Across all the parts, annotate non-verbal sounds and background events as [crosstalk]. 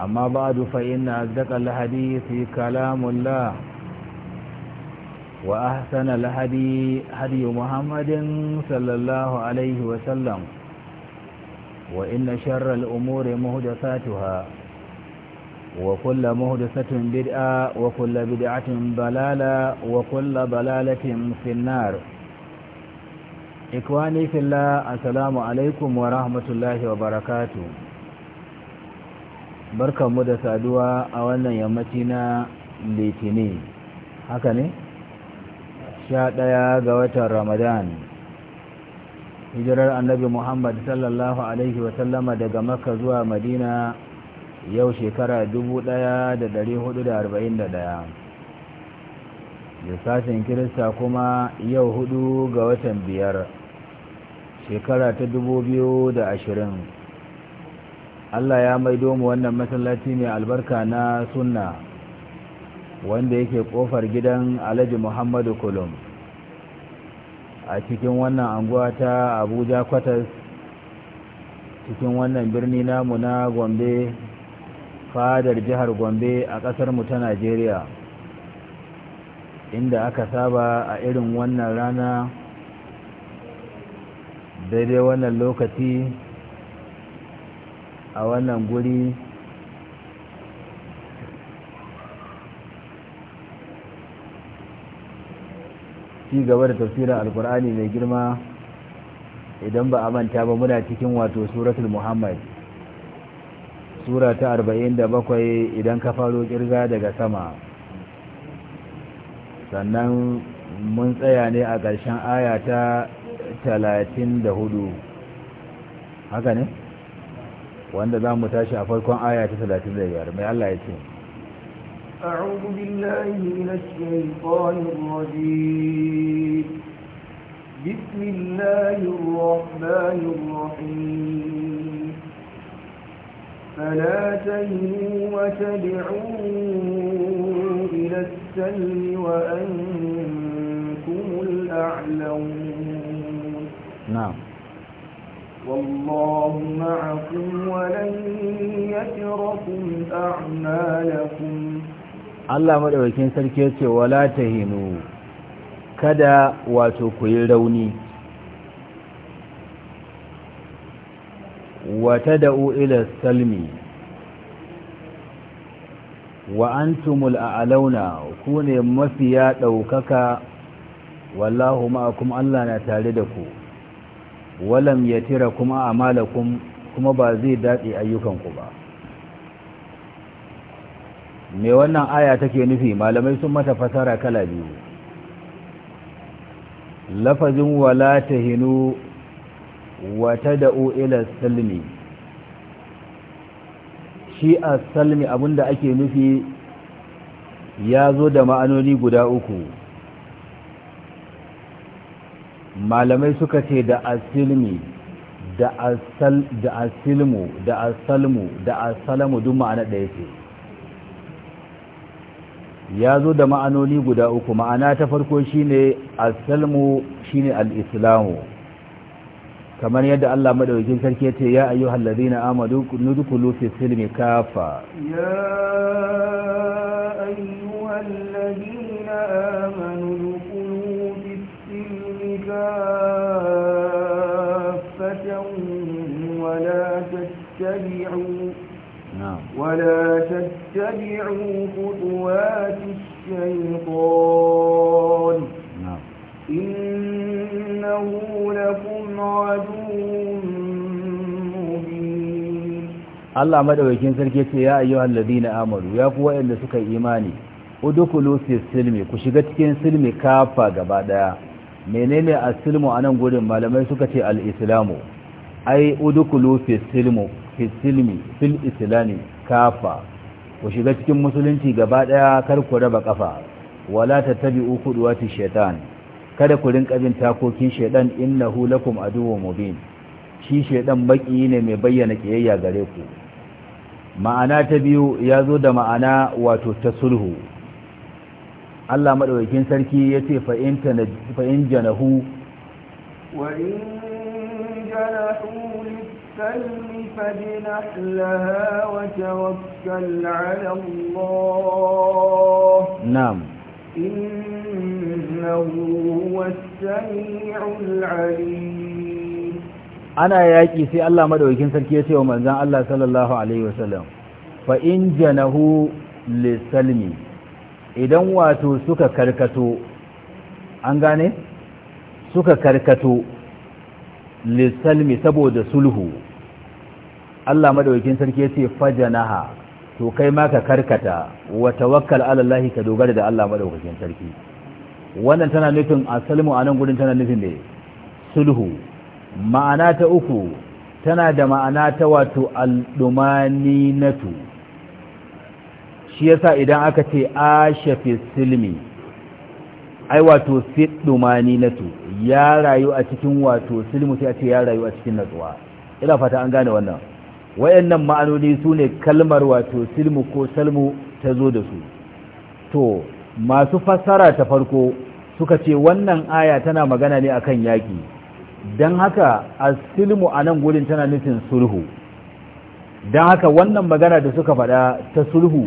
amma ba da fa’in na lahadi fi kalamun la wa ahsana lahadi hadiyu muhammadin sallallahu alaihi wasallam wa inna sharral umuri muhdathatuha wa kulla muhdathatin bid'a wa kulla bid'atin balala wa kulla balalatin finnar ikwani fillah assalamu alaikum wa rahmatullahi wa barakatuh barkanmu da saduwa a wannan yammaci na litini haka ne? sha ɗaya ga watan ramadan hijirar annabi muhammad sallallahu alaihi wasallama daga makka zuwa madina yau shekara 1441 lissafin kirista kuma yau hudu ga watan biyar shekara ta dubu biyu da ashirin. Allah ya maido mu wannan masallaci mai albarka na sunna wanda yake kofar gidan Alhaji Muhammadu Kulum a cikin wannan anguwa ta Abuja Kwatas cikin wannan birni namu na Gombe fadar jihar Gombe a ƙasar mu ta Najeriya inda aka saba a irin wannan rana daidai wannan lokaci a wannan guri ci gaba da tafsirin alkur'ani mai girma idan ba a manta ba muna cikin wato suratul muhammad sura ta bakwai idan ka faro kirga daga sama sannan mun tsaya ne a ƙarshen aya ta 34 haka ne? wanda za mu tashi a farkon aya ta 35 mai Allah ya ce أعوذ بالله من الشيطان الرجيم بسم الله الرحمن الرحيم فلا تهنوا وتدعوا إلى السلم وأنتم الأعلون نعم والله معكم ولن يتركم أعمالكم الله مدعوكين سلكيتي ولا تهنوا kada wato ku yi rauni wata da ila salmi wa antumul a'launa ku ne mafiya ɗaukaka wallahu ma'akum Allah na tare da ku walam ya tira kuma amalakum kuma ba zai daɗe ayyukanku ba me wannan aya take nufi malamai sun mata fasara kala biyu lafazin wala tahinu wa tad'u ila salmi shi as-salmi abinda ake nufi ya zo da ma'anoni guda uku malamai suka ce da asilmi da asal da asilmu da asalmu da asalamu duk ma'ana ɗaya ce ya zo da ma'anoni guda uku ma'ana ta farko shine asalmu shine Al'islamu. kamar yadda Allah madaukakin sarki yace ce ya ayyuhal ladina amadu nudkhulu fi silmi kafa ya ayyuhal ladina amanu كافة ولا تتبعوا ولا تتبعوا خطوات الشيطان إنه لكم عدو Allah madaukakin sarki ce ya ayyuhal alladhina amanu ya ku wa'anda suka yi imani udkhulu fi silmi ku shiga cikin silmi kafa gaba daya menene asilmu a nan gurin malamai suka ce al'islamu ai udukulu fisilmi fil islami kafa ku shiga cikin musulunci gaba ɗaya kar ku raba kafa wala ta tabi uku duwati shaitan kada ku rinka bin takokin shaitan innahu lakum aduwwun mubin shi shaitan baki ne mai bayyana kiyayya gare ku ma'ana ta biyu ya zo da ma'ana wato ta sulhu Allah madaukakin sarki ya ce fa in janahu wa in janahu na'am ana yaki sai Allah madaukakin sarki ce wa manzon Allah sallallahu alaihi wasallam fa in janahu lissalmi. idan wato suka karkato an gane suka karkato lissalmi saboda sulhu Allah madawakin sarki yace fajanaha to kai ma ka karkata wa tawakkal ala Allah ka dogara da Allah madawakin sarki wannan tana nufin asalmu anan gurin tana nufin ne sulhu ma'ana ta uku tana da ma'ana ta wato al natu shi yasa idan aka ce ashafi silmi ai wato fiddumani natu ya rayu a cikin wato silmi sai a ce ya rayu a cikin natsuwa ina fata an gane wannan wayannan ma'anoni su ne kalmar wato silmu ko salmu ta zo da su to masu fassara ta farko suka ce wannan aya tana magana ne akan yaki don haka asilmu a nan gurin tana nufin sulhu dan haka wannan magana da suka faɗa ta sulhu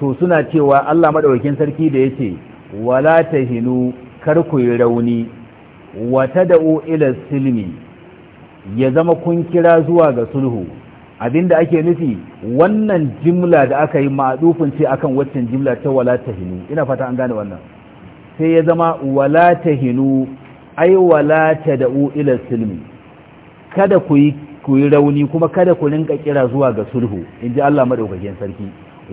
to suna cewa Allah madaukakin sarki da yace wala tahinu kar ku yi rauni wa tad'u ila silmi ya zama kun kira zuwa ga sulhu abinda ake nufi wannan jimla da aka yi ma'adufin ce akan waccan jimla ta wala tahinu ina fata an gane wannan sai ya zama wala tahinu ai wala tad'u ila silmi kada ku yi ku yi rauni kuma kada ku rinka kira zuwa ga sulhu in ji Allah maɗaukakin sarki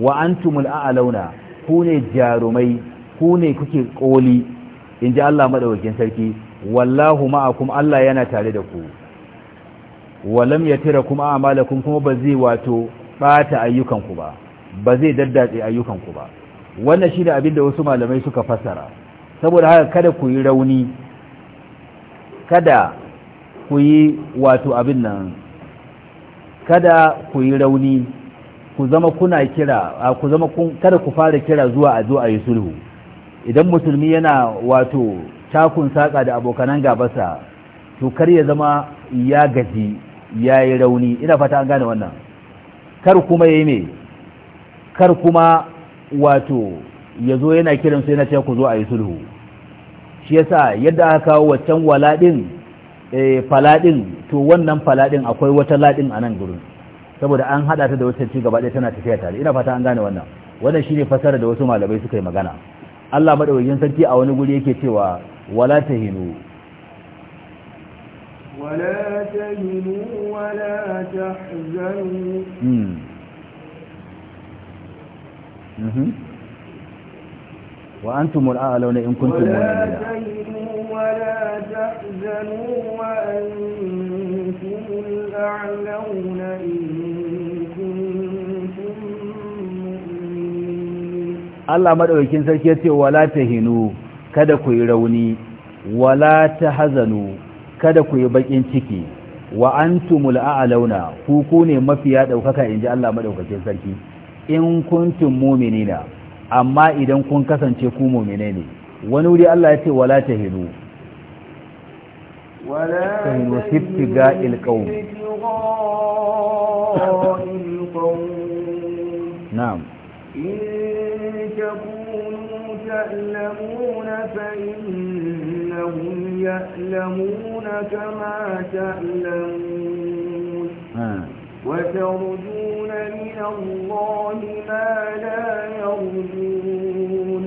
wa antumul a'launa ku ne jarumai ku ne kuke koli in ji Allah madaukakin sarki wallahu ma'akum Allah yana tare da ku walam ya tira kuma ba zai wato bata ayyukanku ba ba zai daddatse ayyukanku ba wannan shi da abin da wasu malamai suka fassara saboda haka kada ku yi rauni kada ku yi wato abin nan kada ku yi rauni ku zama kuna kira ku zama kada ku fara kira zuwa a zo a yi sulhu idan musulmi yana wato cakun saka da abokanan gabasa to kar ya zama ya gaji ya yi rauni ina fata an gane wannan kar kuma ya yi me kar kuma wato ya zo yana kiran su yana ce ku zo a yi sulhu shi yasa yadda aka kawo waccan waladin eh faladin to wannan falaɗin akwai wata ladin a nan gurin saboda an hada ta da wata ci gaba ɗaya tana tafiya tare ina fata an gane wannan wannan shine fasara da wasu malamai suka yi magana Allah madaukakin sarki a wani guri yake cewa wala tahinu wala tahinu wala tahzanu hmm. mhm. وأنتم الأعلون إن in kuntum mu'minin wala tahzanu Allah madaukakin sarki yace wala tahinu kada ku yi rauni wala tahzanu kada ku yi bakin ciki wa antumul a'launa ku ku ne mafiya daukaka inji Allah madaukakin sarki in kuntum mu'minina amma idan kun kasance ku mu'mine ne wani wuri Allah ya ce wala tahinu wala tahinu sibtiga ilqawm na'am in takunu ta'lamuna fa innahum ya'lamuna kama وترجون من الله ما لا يرجون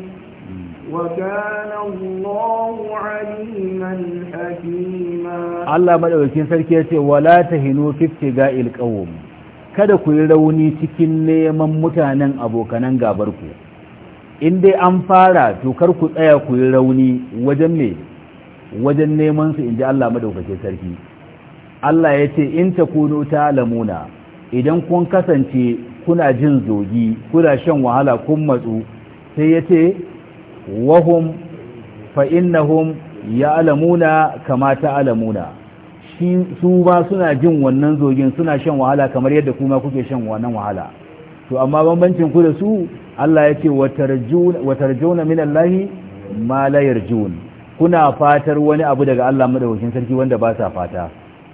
وكان الله عليما حكيما الله مدaukakin sarki yace wala tahinu fi kada ku yi rauni cikin neman mutanen abokanan gabarku in dai an fara to ku tsaya ku yi rauni wajen ne wajen neman su in ji Allah maɗaukacin sarki Allah ya ce in ta ta lamuna idan kun kasance kuna jin zogi kuna shan wahala kun matsu sai ya ce wahum fa innahum alamuna kama ta'lamuna su ba suna jin wannan zogin suna shan wahala kamar yadda kuma kuke shan wannan wahala to amma bambancin ku da su Allah ya ce watarjuna min Allah ma la yarjun kuna fatar wani abu daga Allah madaukakin sarki wanda ba sa fata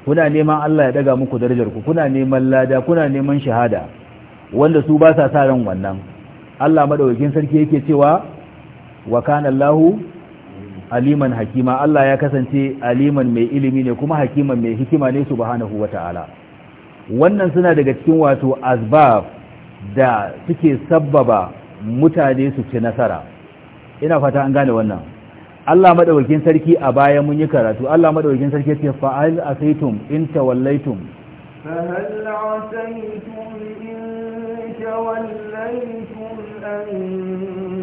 kuna neman Allah ya daga muku darajar ku kuna neman lada kuna neman shahada wanda su ba sa sa ran wannan Allah madaukakin sarki yake cewa wa kana Allahu aliman hakima Allah ya kasance aliman mai ilimi ne kuma hakiman mai hikima ne subhanahu wata'ala wannan suna daga cikin wato asbab da suke sabbaba mutane su ci nasara ina fata an gane wannan Allah madaukakin sarki a baya mun yi karatu Allah madaukakin sarki ya ce fa'al asaitum in tawallaitum فهل عسيتم إن توليتم أن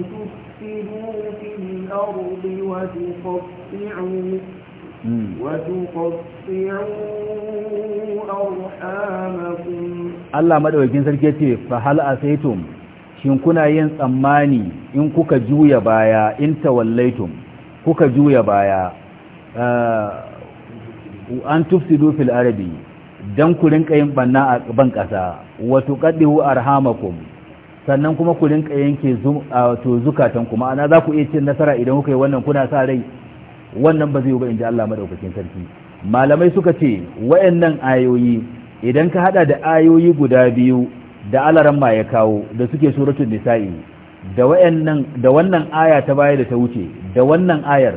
تفسدوا في الأرض وتقطعوا وتقطعوا أرحامكم الله مدعوكين سركتي فهل عسيتم shin kuna yin tsammani in kuka juya baya in tawallaitum kuka juya baya eh, an tufsi dufil arabi dan ku rinka yin banna a ban kasa wa tuqaddihu arhamakum sannan kuma ku rinka yanke to zukatan kuma ana za ku iya cin nasara idan kuka yi wannan kuna sa rai wannan ba zai yi ba ji Allah madaukakin sarki malamai suka ce wayannan ayoyi idan ka hada da ayoyi guda biyu da alaran ma ya kawo da suke suratul nisa'i da wayannan da wannan aya ta baya da ta wuce da wannan ayar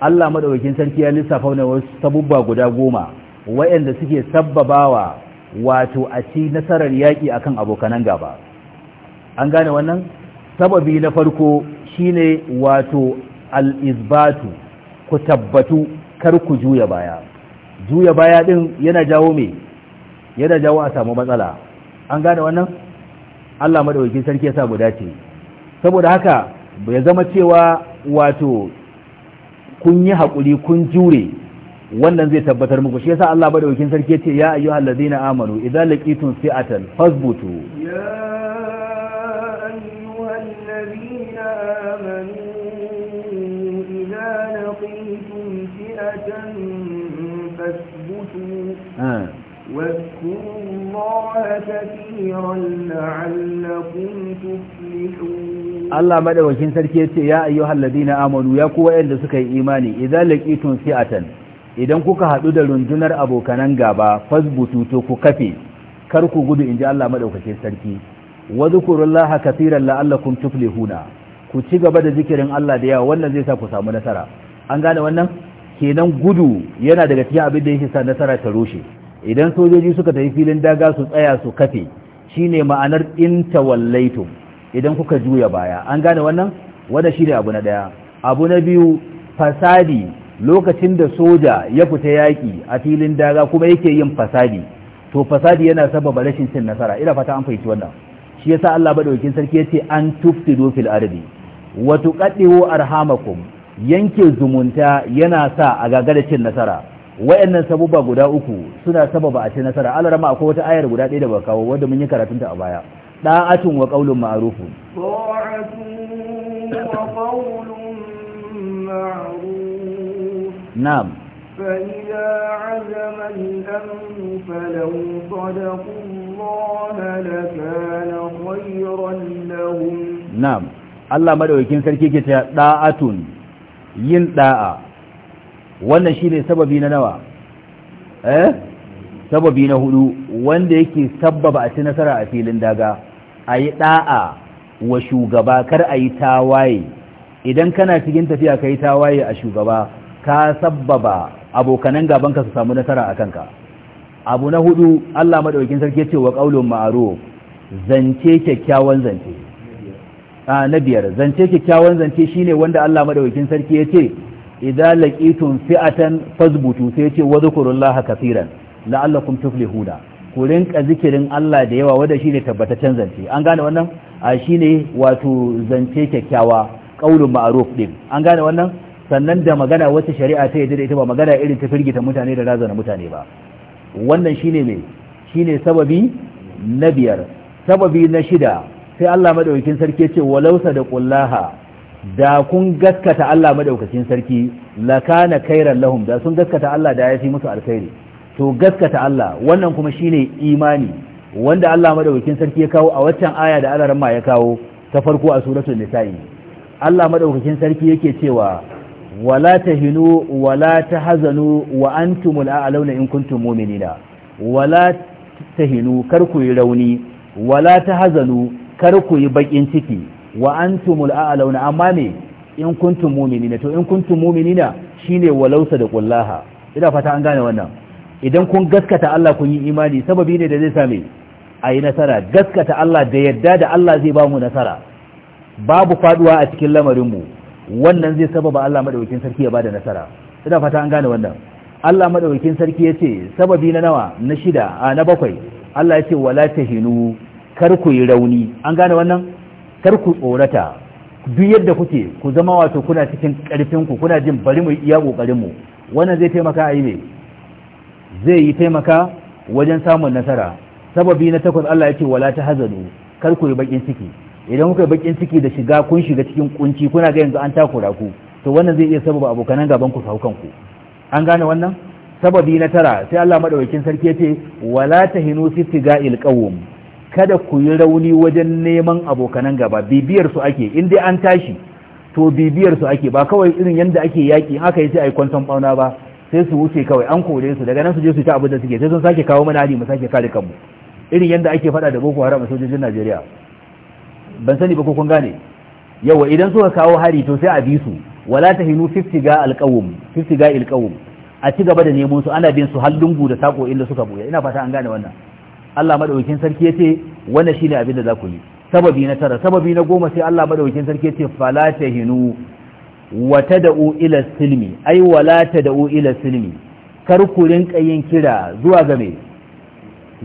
Allah madaukakin sarki ya lissafa wani wasu sabubba guda goma wayanda suke sabbabawa wato a ci nasarar yaki akan abokanan gaba an gane wannan sababi na farko shine wato al-izbatu ku tabbatu kar ku juya baya juya baya din yana jawo me yana jawo a samu matsala an gane wannan Allah madaukakin sarki ya sa guda dace saboda haka ya zama cewa wato kun yi haƙuri kun jure wannan zai tabbatar muku shi yasa Allah madaukakin sarki ce ya ayyuhal ladina amanu idza laqitum fi'atan fasbutu ya ayyuhal ladina amanu idza laqitum fi'atan fasbutu واذكروا الله كثيرا لعلكم تفلحون Allah madawakin sarki ya ce ya ayyuhal na amanu ya kuwa yadda suka yi imani idan laƙitun fi'atan idan kuka haɗu da rundunar abokanan gaba fasbutu to ku kafe kar ku gudu in ji Allah madaukakin sarki wa zkurullaha katiran la'allakum tuflihuna ku ci gaba da zikirin Allah da yawa wannan zai sa ku samu nasara an gane wannan kenan gudu yana daga cikin abin da yake sa nasara ta rushe idan sojoji suka tafi filin daga su tsaya su kafe shine ma'anar in tawallaitum idan kuka juya baya an gane wannan wanda shi ne abu na ɗaya abu na biyu fasadi lokacin da soja ya fita yaƙi a filin daga kuma yake yin fasadi to fasadi yana sababa rashin cin nasara ina fata an fahimci wannan shi yasa Allah madaukakin sarki yace an tuftidu fil ardi wa tuqaddiu arhamakum yanke zumunta yana sa a gagara cin nasara wayannan sabuba guda uku suna sababa a cin nasara rama akwai wata ayar guda ɗaya da ba kawo wanda mun yi karatunta a baya da'atun wa qaulun ma'ruf نعم فإذا عزم الأمر فلو صدقوا الله لكان خيرا لهم نعم Allah madaukakin sarki ke ta da'atun yin da'a wannan shine sababi na nawa eh sababi na hudu wanda yake sabbaba a ci nasara a filin daga a yi ɗa'a wa shugaba kar a yi tawaye idan kana cikin tafiya ka yi tawaye a shugaba ka sabbaba abokanan gabanka su samu nasara a kanka abu na hudu allah maɗaukin sarki ce wa ƙaulun ma'aro zance kyakkyawan zance na biyar zance kyakkyawan zance shine wanda allah maɗaukin sarki ya ce idan laƙitun fi'atan fazbutu sai ya ce wa zukurullah kasiran la'allakum tuflihuna ku rinka zikirin Allah da yawa wanda shine tabbataccen zance an gane wannan a shine wato zance kyakkyawa qaulun ma'ruf din an gane wannan sannan da magana wata shari'a ta yadda da ita ba magana irin ta firgita mutane da razana mutane ba wannan shine me shine sababi na biyar sababi na shida sai Allah madaukakin sarki ce da sadaqullaha da kun gaskata Allah madaukakin sarki lakana kairan lahum da sun gaskata Allah da ya fi musu alkhairi to gaskata Allah wannan kuma shine imani wanda Allah madaukakin sarki ya kawo a waccan aya da Allah ramma ya kawo ta farko a suratul nisa'i Allah madaukakin sarki yake cewa wala tahinu wala tahzanu wa antumul a'launa in kuntum mu'minina wala tahinu kar ku yi rauni wala tahzanu kar ku yi bakin ciki wa antumul a'launa amma me in kuntum mu'minina to in kuntum mu'minina shine walausa da kullaha ina fata an gane wannan idan kun gaskata Allah kun yi imani sababi ne da zai same a yi nasara gaskata Allah da yadda da Allah zai ba mu nasara babu faduwa a cikin lamarinmu wannan zai sababa Allah maɗaukin sarki ya ba da nasara ina fata an gane wannan Allah maɗaukin sarki ya ce sababi na nawa na shida a na bakwai Allah ya ce wala tahinu kar ku yi rauni an gane wannan kar ku tsorata duk yadda kuke ku zama wato kuna cikin karfin ku kuna jin bari mu iya kokarin mu wannan zai taimaka a yi ne zai yi taimaka wajen samun nasara sababi na takwas Allah ya ce wala ta hazanu kar ku yi bakin ciki idan kuka yi bakin ciki da shiga kun shiga cikin kunci kuna ga yanzu an takura ku to wannan zai iya sababa abokanan gaban ku saukan ku an gane wannan sababi na tara sai Allah madaukakin sarki ya ce wala tahinu fi tigail qawm kada ku yi rauni wajen neman abokanan gaba bibiyar su ake in dai an tashi to bibiyar su ake ba kawai irin yanda ake yaki in aka yi sai ai kwanton bauna ba sai su wuce kawai an kore su daga nan su je su ta abin da suke sai sun sake kawo mana hali mu sake kare kanmu irin yadda ake fada da boko haram sojojin Najeriya ban sani ba ko kun gane yawa idan suka kawo hari to sai a bi su wala tahinu fiftiga alqawm fiftiga alqawm a ci gaba da neman su ana bin su har lungu da sako inda suka buya ina fata an gane wannan Allah madaukakin sarki yace wannan shine abin da za ku yi sababi na tara sababi na goma sai Allah madaukakin sarki yace fala tahinu Wata tad'u ila silmi ai wala tad'u ila silmi kar ku rinka yin kira zuwa ga me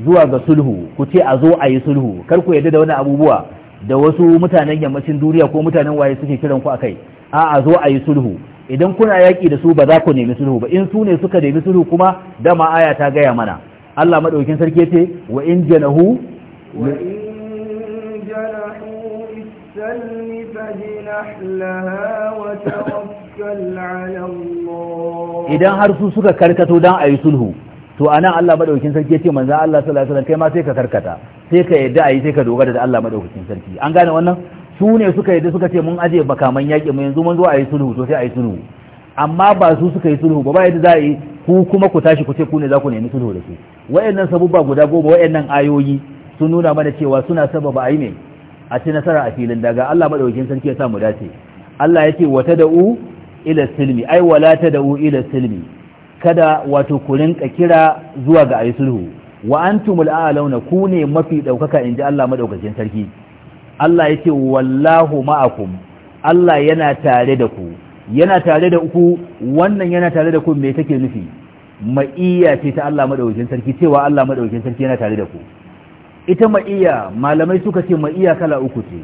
zuwa ga sulhu ku ce a zo a yi sulhu kar ku yadda da wani abubuwa da wasu mutanen yammacin duniya ko mutanen waye suke kiran ku akai a a zo a yi sulhu idan kuna yaƙi da su ba za ku nemi sulhu ba in su ne suka nemi sulhu kuma dama aya ta gaya mana Allah madaukin sarki ce wa in janahu wa in janahu السلم فجنح لها وتوكل على الله إذا هرسو سكا كركتو دان أي سلح to anan Allah madaukakin sarki yace manzo Allah sallallahu alaihi wasallam kai ma sai ka karkata sai ka yadda ayi sai ka dogara da Allah madaukakin sarki an gane wannan su ne suka yadda suka ce mun aje bakaman yaƙi mu yanzu mun zo ayi sulhu to sai ayi sulhu amma ba su suka yi sulhu ba ba yadda za a yi ku kuma ku tashi ku ce ku ne za ku nemi sulhu da su wayannan sabubba guda goma wayannan ayoyi sun nuna mana cewa suna sababa ayi ne a ci nasara a filin daga Allah maɗaukin sarki ya sa mu dace Allah ce wa da'u ila silmi ai wala ta da'u ila silmi kada wato ku rinka kira zuwa ga ayi sulhu wa antumul a'launa ku ne mafi daukaka inji Allah madaukakin sarki Allah ce wallahu ma'akum Allah yana tare da ku yana tare da ku wannan yana tare da ku me take nufi ma'iyya ce ta Allah madaukakin sarki cewa Allah maɗaukin sarki yana tare da ku ita ma'iya malamai suka ce ma'iya kala uku ce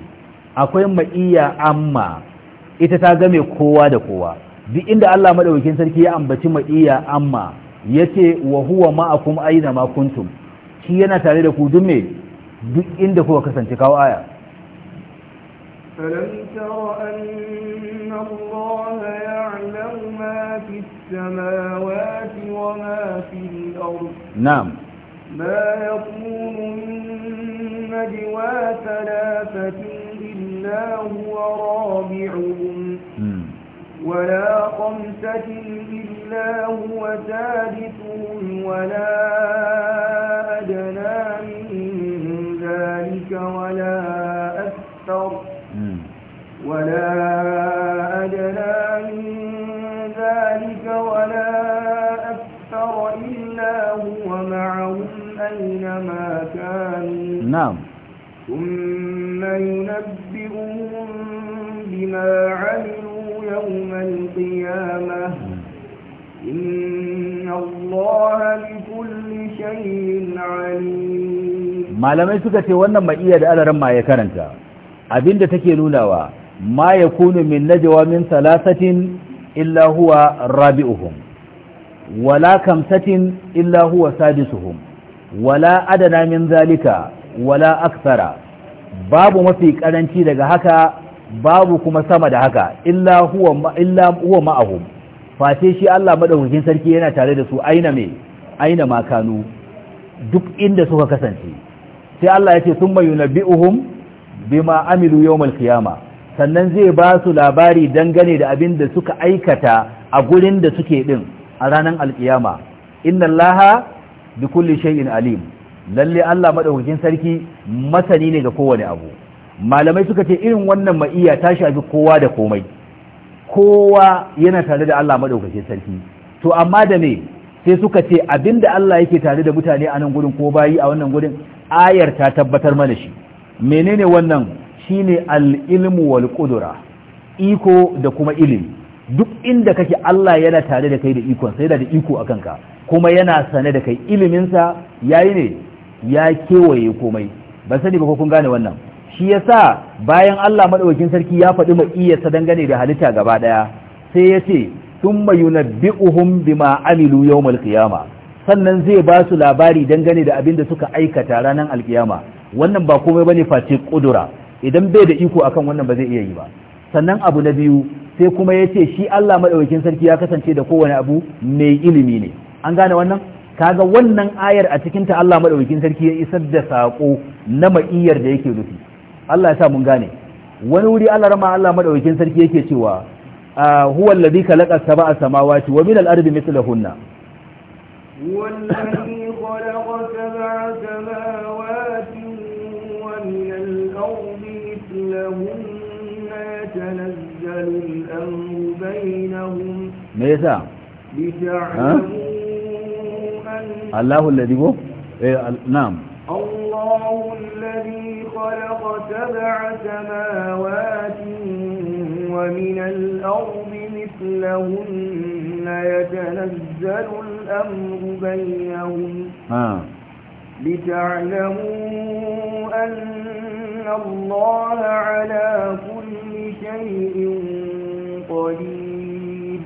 akwai ma'iya amma ita ta game kowa da kowa duk inda Allah madaukakin sarki ya ambaci ma'iya amma yace wa huwa ma'akum aina ma kuntum shi yana tare da ku duk me duk inda kuka kasance kawo aya ألم تر أن الله يعلم ما في السماوات وما في الأرض نعم ما يكون من نجوى ثلاثة إلا هو رابعهم ولا خمسة إلا هو ثالثهم ولا أدنى من ذلك ولا أكثر ولا أدنى من ذلك ولا أكثر إلا هو معهم أينما كانوا نعم ثم ينبئهم بما عملوا يوم القيامة إن الله بكل شيء عليم ما لم يسكت وانا ما إياد ألا رمى يكرنك abinda take nunawa ma yakunu min najwa min salasatin illa huwa rabi'uhum wala kamsatin illa huwa sadisuhum wala adana min zalika wala aksara babu mafi karanci daga haka babu kuma sama da haka illa huwa illa huwa shi Allah madaukakin sarki yana tare da su aina makanu duk inda suka kasance sai Allah yace thumma yunabbi'uhum bima amilu yawmal qiyama sannan zai basu labari dangane da abin da suka aikata a gurin da suke ɗin? a ranar alkiyama inna laha bi kulli shay'in alim lalle Allah madaukakin sarki masani ne ga kowane abu malamai suka ce irin wannan ma'iya ta shafi kowa da komai kowa yana tare da Allah madaukakin sarki to amma da me sai suka ce abinda Allah yake tare da mutane a nan gurin ko bayi a wannan gurin ayar ta tabbatar mana shi menene wannan shine al-ilmu wal iko da kuma ilimi duk inda kake Allah yana tare da kai da iko sai da iko a kanka kuma yana sane da kai iliminsa ya yi ne ya kewaye komai ba sani ba ko kun gane wannan shi yasa bayan Allah maɗaukin sarki ya faɗi sa dangane da halitta gaba ɗaya sai ya ce thumma yunabbi'uhum bima amilu yawmal qiyama sannan zai ba su labari dangane da abin da suka aikata ranar alkiyama wannan ba komai ne face kudura idan bai da iko akan wannan ba zai iya yi ba sannan abu na biyu sai kuma ya ce shi Allah maɗaukakin sarki ya kasance da kowane abu mai ilimi ne an gane wannan kaga wannan ayar a cikin ta Allah maɗaukakin sarki ya isar da saƙo na ma'iyar da yake nufi Allah ya sa mun gane wani wuri Allah rama Allah maɗaukakin sarki yake cewa huwa alladhi khalaqa sab'a samawati wa min al-ardi mithlahunna huwa khalaqa bainahum me yasa Allahu alladhi ko eh na'am Allahu alladhi khalaqa sab'a samawati wa min مثلهن يتنزل الأمر بينهم ها. لتعلموا أن الله على كل شيء قريب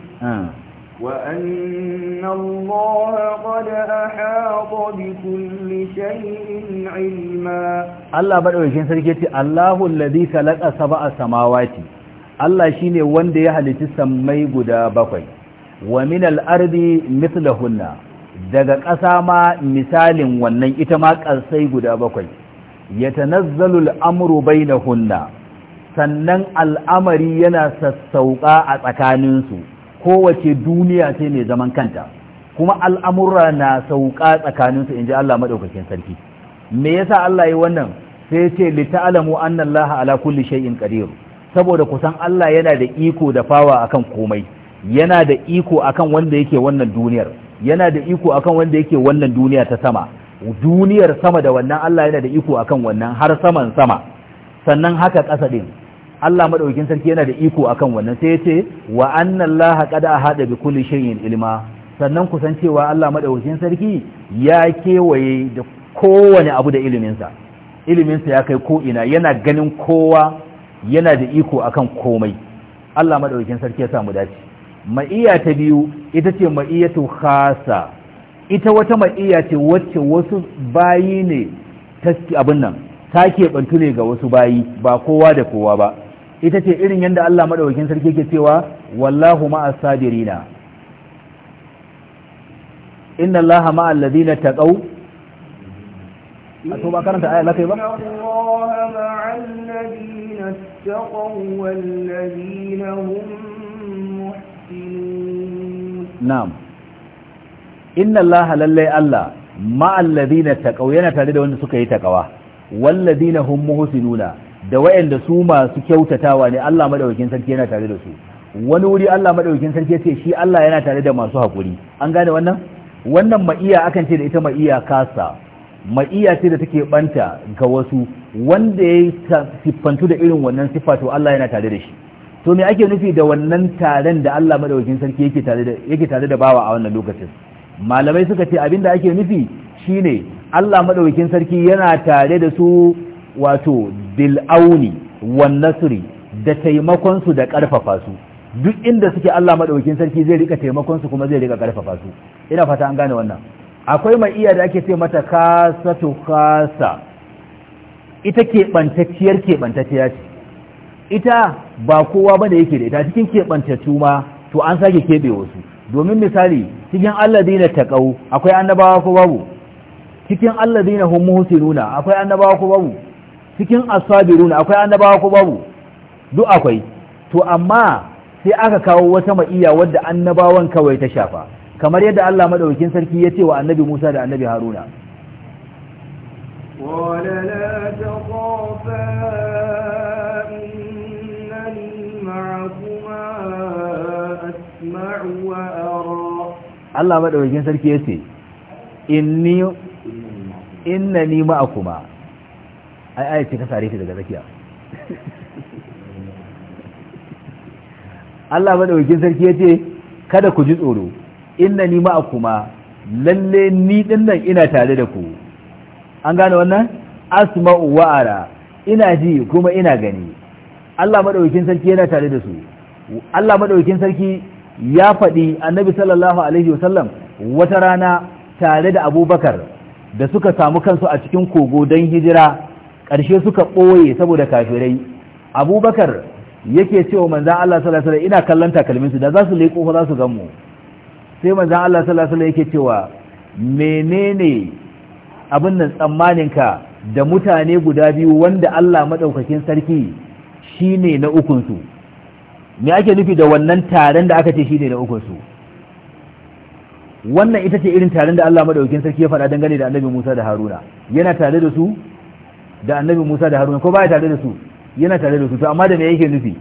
وأن الله قد أحاط بكل شيء علما الله بدأ يشين سريكي الله الذي خلق سبع سماوات الله شيني وند يا حليتي سمي غدا بكاي ومن الأرض مثلهن daga ƙasa ma misalin wannan ita ma ƙasai guda bakwai yatanazzalul amru bainahunna sannan al'amari yana sassauƙa a tsakaninsu kowace duniya ce mai zaman kanta kuma al'amura na sauƙa tsakaninsu in ji Allah maɗaukakin sarki me yasa Allah yi wannan sai ce alamu annan laha ala kulli shay'in qadir saboda kusan Allah yana da iko da fawa akan komai yana da iko akan wanda yake wannan duniyar yana da iko akan wanda yake wannan duniya ta sama duniyar sama da wannan Allah yana da iko akan wannan har saman sama sannan haka ƙasa ɗin Allah madaukakin sarki yana da iko akan wannan sai yace wa anna Allah qad ahada bi kulli shay'in ilma sannan ku san cewa Allah madaukakin sarki ya kewaye da kowane abu da iliminsa iliminsa ya kai ko ina yana ganin kowa yana da iko akan komai Allah madaukakin sarki ya samu dace ma'iya ta biyu ita ce ma'iyatu khasa ita wata ma'iya ce wacce wasu bayi ne taski abin nan ta bantu ne ga wasu bayi ba kowa da kowa ba ita ce irin yadda Allah madaukakin sarki ke cewa wallahu ma'as sabirina inna allaha ma'al ladina taqaw ato ba karanta aya ba na'am inna lallai allah ma'al taqaw yana tare da wanda suka yi taqawa wal ladina hum muhsinuna da wayanda su masu kyautatawa ne Allah madaukakin sarki yana tare da su wani wuri Allah madaukakin sarki ya ce shi Allah yana tare da masu hakuri an gane wannan wannan ma'iya akan ce da ita ma'iya kasa ma'iya ce da take banta ga wasu wanda ya siffantu da irin wannan siffa to Allah yana tare da shi to me ake nufi da wannan taren da Allah madaukakin sarki yake tare da yake tare da bawa a wannan lokacin malamai suka ce abinda ake nufi shine Allah madaukakin sarki yana tare da su wato bil'auni wa nasiri da taimakonsu da ƙarfafa su duk inda suke Allah maɗaukin, sarki zai rika taimakonsu kuma zai rika ƙarfafa su ina fata an gane wannan akwai mai iya da ake ce mata to kasa ita keɓantacciyar keɓantacciya ce ita ba kowa ba da yake da ita cikin keɓantattu ma to an sake keɓe wasu domin misali cikin Allah ta ƙau, akwai annabawa ko babu cikin Allah dina hum nuna, akwai annabawa ko babu cikin ne akwai annabawa ko babu duk akwai to amma sai aka kawo wata ma'iya wadda annabawan kawai ta shafa kamar yadda Allah madaukakin sarki ya ce wa annabi Musa da annabi Haruna Allah لا تخافا إنني معكما أسمع وأرى الله مدعو جنسا ai aya ce ka sare shi daga zakiya. Allah madaukakin sarki ya ce kada ku ji tsoro inna ni ma'a kuma lalle ni din nan ina tare da ku an gane wannan asma'u wa'ara ina ji kuma ina gani Allah madaukakin sarki yana tare da su Allah madaukakin sarki ya faɗi annabi sallallahu alaihi wasallam wata rana tare da abubakar da suka samu kansu a cikin kogo don hijira ƙarshe suka ɓoye saboda kafirai abubakar yake cewa manzan Allah sallallahu alaihi ina kallon takalminsu da za su leƙo za su gan mu sai manzan Allah sallallahu alaihi yake cewa menene abin nan tsammaninka da mutane guda biyu wanda Allah madaukakin sarki shine na ukunsu me ake nufi da wannan taron da aka ce shine na ukunsu wannan ita ce irin taron da Allah madaukakin sarki ya faɗa dangane da annabi Musa da Haruna yana tare da su da annabi Musa da Haruna ko baya tare da su yana tare da su to amma da me yake nufi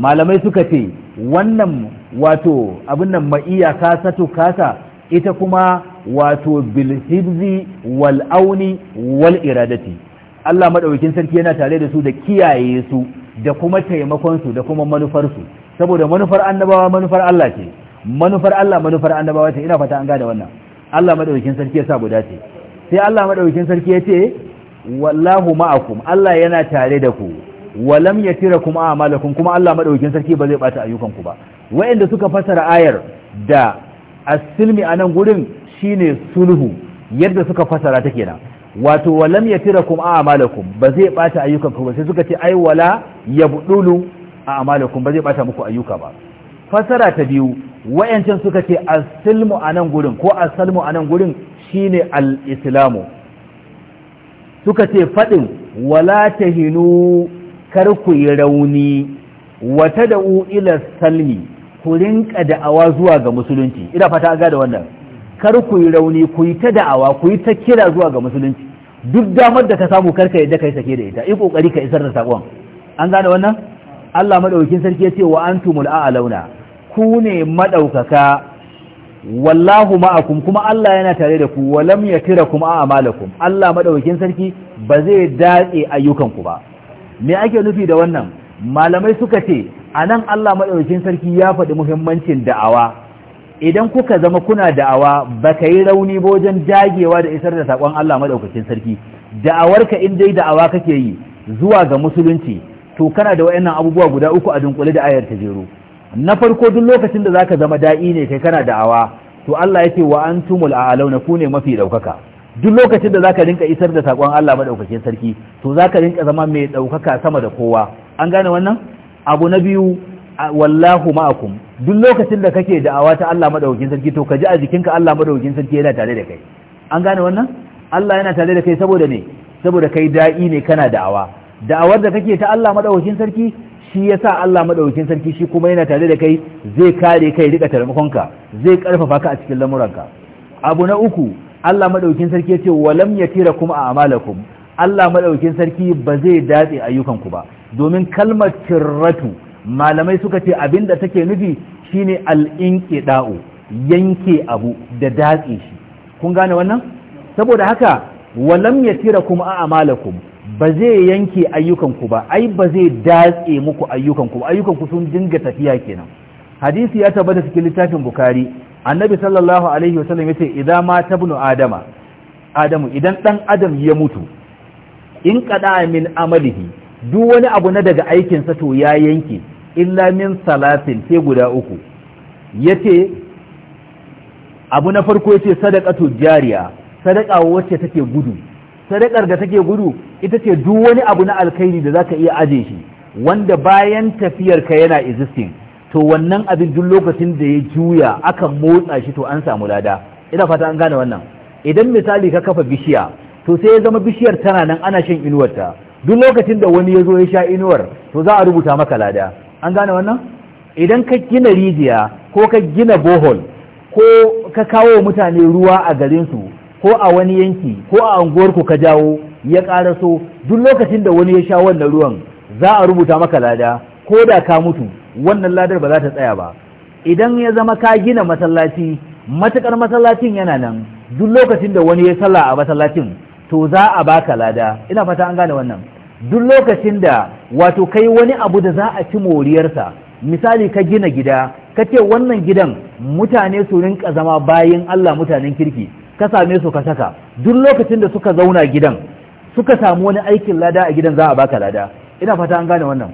malamai suka ce wannan wato abin nan ma'iya kasatu kasa ita kuma wato bil hibzi wal auni wal iradati Allah madaukakin sarki yana tare da su da kiyaye su da kuma taimakon su da kuma manufar su saboda manufar annabawa manufar Allah ce manufar Allah manufar annabawa ce ina fata an gane wannan Allah madaukakin sarki ya sa guda ce sai Allah madaukakin sarki ya ce wallahu ma'akum Allah yana tare da ku walam yatirakum a'malakum kuma Allah madaukin sarki ba zai bata ayyukanku ba wayanda suka fasara ayar da as-silmi anan gurin shine sulhu yadda suka fasara ta kenan wato walam yatirakum a'malakum ba zai bata ayyukanku ba sai suka ce ai wala yabdulu a'malakum ba zai bata muku ayyuka ba fasara ta biyu wayancan suka ce as-silmu anan gurin ko as-salmu anan gurin shine al-islamu suka ce faɗin wala tahinu kar ku yi rauni wata da ila salmi ku rinka da'awa zuwa ga musulunci ina fata an da wannan kar yi rauni ku yi ta da'awa ku yi ta kira zuwa ga musulunci duk damar da ka samu karka yadda kai sake da ita in kokari ka isar da sakon an gane wannan Allah madaukakin sarki ya ce wa antumul a'launa ku ne madaukaka wallahu ma'akum kuma Allah yana tare da ku walam yatirakum a amalakum Allah madaukakin sarki ba zai datse ayyukanku ba me ake nufi da wannan malamai suka ce anan Allah madaukakin sarki ya faɗi muhimmancin da'awa idan kuka zama kuna da'awa baka yi rauni ba wajen jagewa da isar da sakon Allah madaukakin sarki da'awarka in dai da'awa kake yi zuwa ga musulunci to kana da wayannan abubuwa guda uku a dunkule da ayar ta jero na farko duk lokacin da zaka zama da'i ne kai kana da'awa to Allah yake wa antumul a'launa ku ne mafi daukaka duk lokacin da zaka rinka isar da sakon Allah madaukakin sarki to zaka rinka zama mai daukaka sama da kowa an gane wannan abu na biyu wallahu ma'akum duk lokacin da kake da'awa ta Allah madaukakin sarki to kaji a jikinka Allah madaukakin sarki yana tare da kai an gane wannan Allah yana tare da kai saboda ne saboda kai da'i ne kana da'awa da'awar da kake ta Allah madaukakin sarki shi ya sa Allah Maɗaukin sarki shi kuma yana tare da kai zai kare kai taimakon tarmakonka zai ƙarfafa ka a cikin lamuranka abu na uku Allah Maɗaukin sarki ya yace walam kuma a amalakum Allah Maɗaukin sarki ba zai datse ayyukanku ba domin kalmar cirratu. malamai suka ce abin da take nufi shine al'inke da'u yanke abu da datse shi kun gane wannan saboda haka walam kuma a amalakum ba zai yanke ayyukanku ba ai ba zai datse muku ayyukanku ayyukanku sun dinga tafiya kenan hadisi ya tabbata cikin littafin bukari annabi sallallahu alaihi wasallam ce, idan ma tabnu adama adamu idan dan adam ya mutu in qada min amalihi duk wani abu na daga aikin sa to ya yanke illa min salatin sai guda uku yace abu na farko yace sadaqatu jariya sadaqa wacce take gudu sadakar da take gudu ita ce duk wani abu na alkhairi da za ka iya aje shi wanda bayan tafiyar ka yana existing to wannan abin duk lokacin da ya juya akan motsa shi to an samu lada ina fata an gane wannan idan misali ka kafa bishiya to sai ya zama bishiyar tana nan ana shan inuwarta duk lokacin da wani ya zo ya sha inuwar to za a rubuta maka lada an gane wannan idan ka gina rijiya ko ka gina bohol ko ka kawo mutane ruwa a garinsu ko a wani yanki ko a unguwarku ka jawo ya karaso duk lokacin da wani ya sha wannan ruwan za a rubuta maka lada ko da ka mutu wannan ladar ba za ta tsaya ba idan ya zama ka gina masallaci matukar masallacin yana nan duk lokacin da wani ya sallah a masallacin to za a baka lada ina fata an gane wannan duk lokacin da wato kai wani abu da za a ci moriyarsa misali ka gina gida ka ce wannan gidan mutane su rinka zama bayan Allah mutanen kirki ka same su ka saka duk lokacin da suka zauna gidan suka samu wani aikin lada a gidan za a baka lada ina fata an gane wannan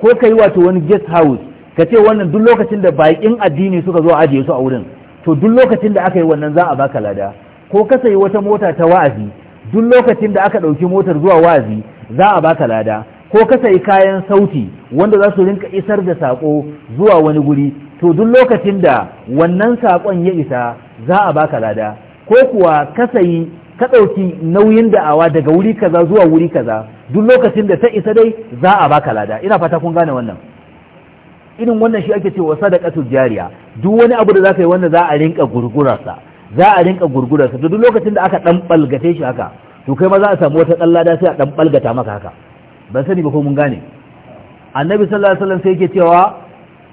ko kai wato wani guest house ka ce wannan duk lokacin da baƙin addini suka zo ajiye su a wurin to duk lokacin da aka yi wannan za a baka lada ko ka sayi wata mota ta wa'azi duk lokacin da aka ɗauki motar zuwa wa'azi za a baka lada ko ka sayi kayan sauti wanda za su rinka isar da sako zuwa wani guri to duk lokacin da wannan sakon ya isa za a baka lada ko kuwa ka sayi ka ɗauki nauyin da'awa daga wuri kaza zuwa wuri kaza duk lokacin da ta isa dai za a baka lada ina fata kun gane wannan irin wannan shi ake cewa ƙasar jariya duk wani abu da zaka yi wanda za a rinka gurgurarsa za a rinka gurgurarsa to duk lokacin da aka dan balgate shi haka to kai ma za a samu wata dan lada sai a dan balgata maka haka ban sani ba ko mun gane annabi sallallahu alaihi wasallam sai yake cewa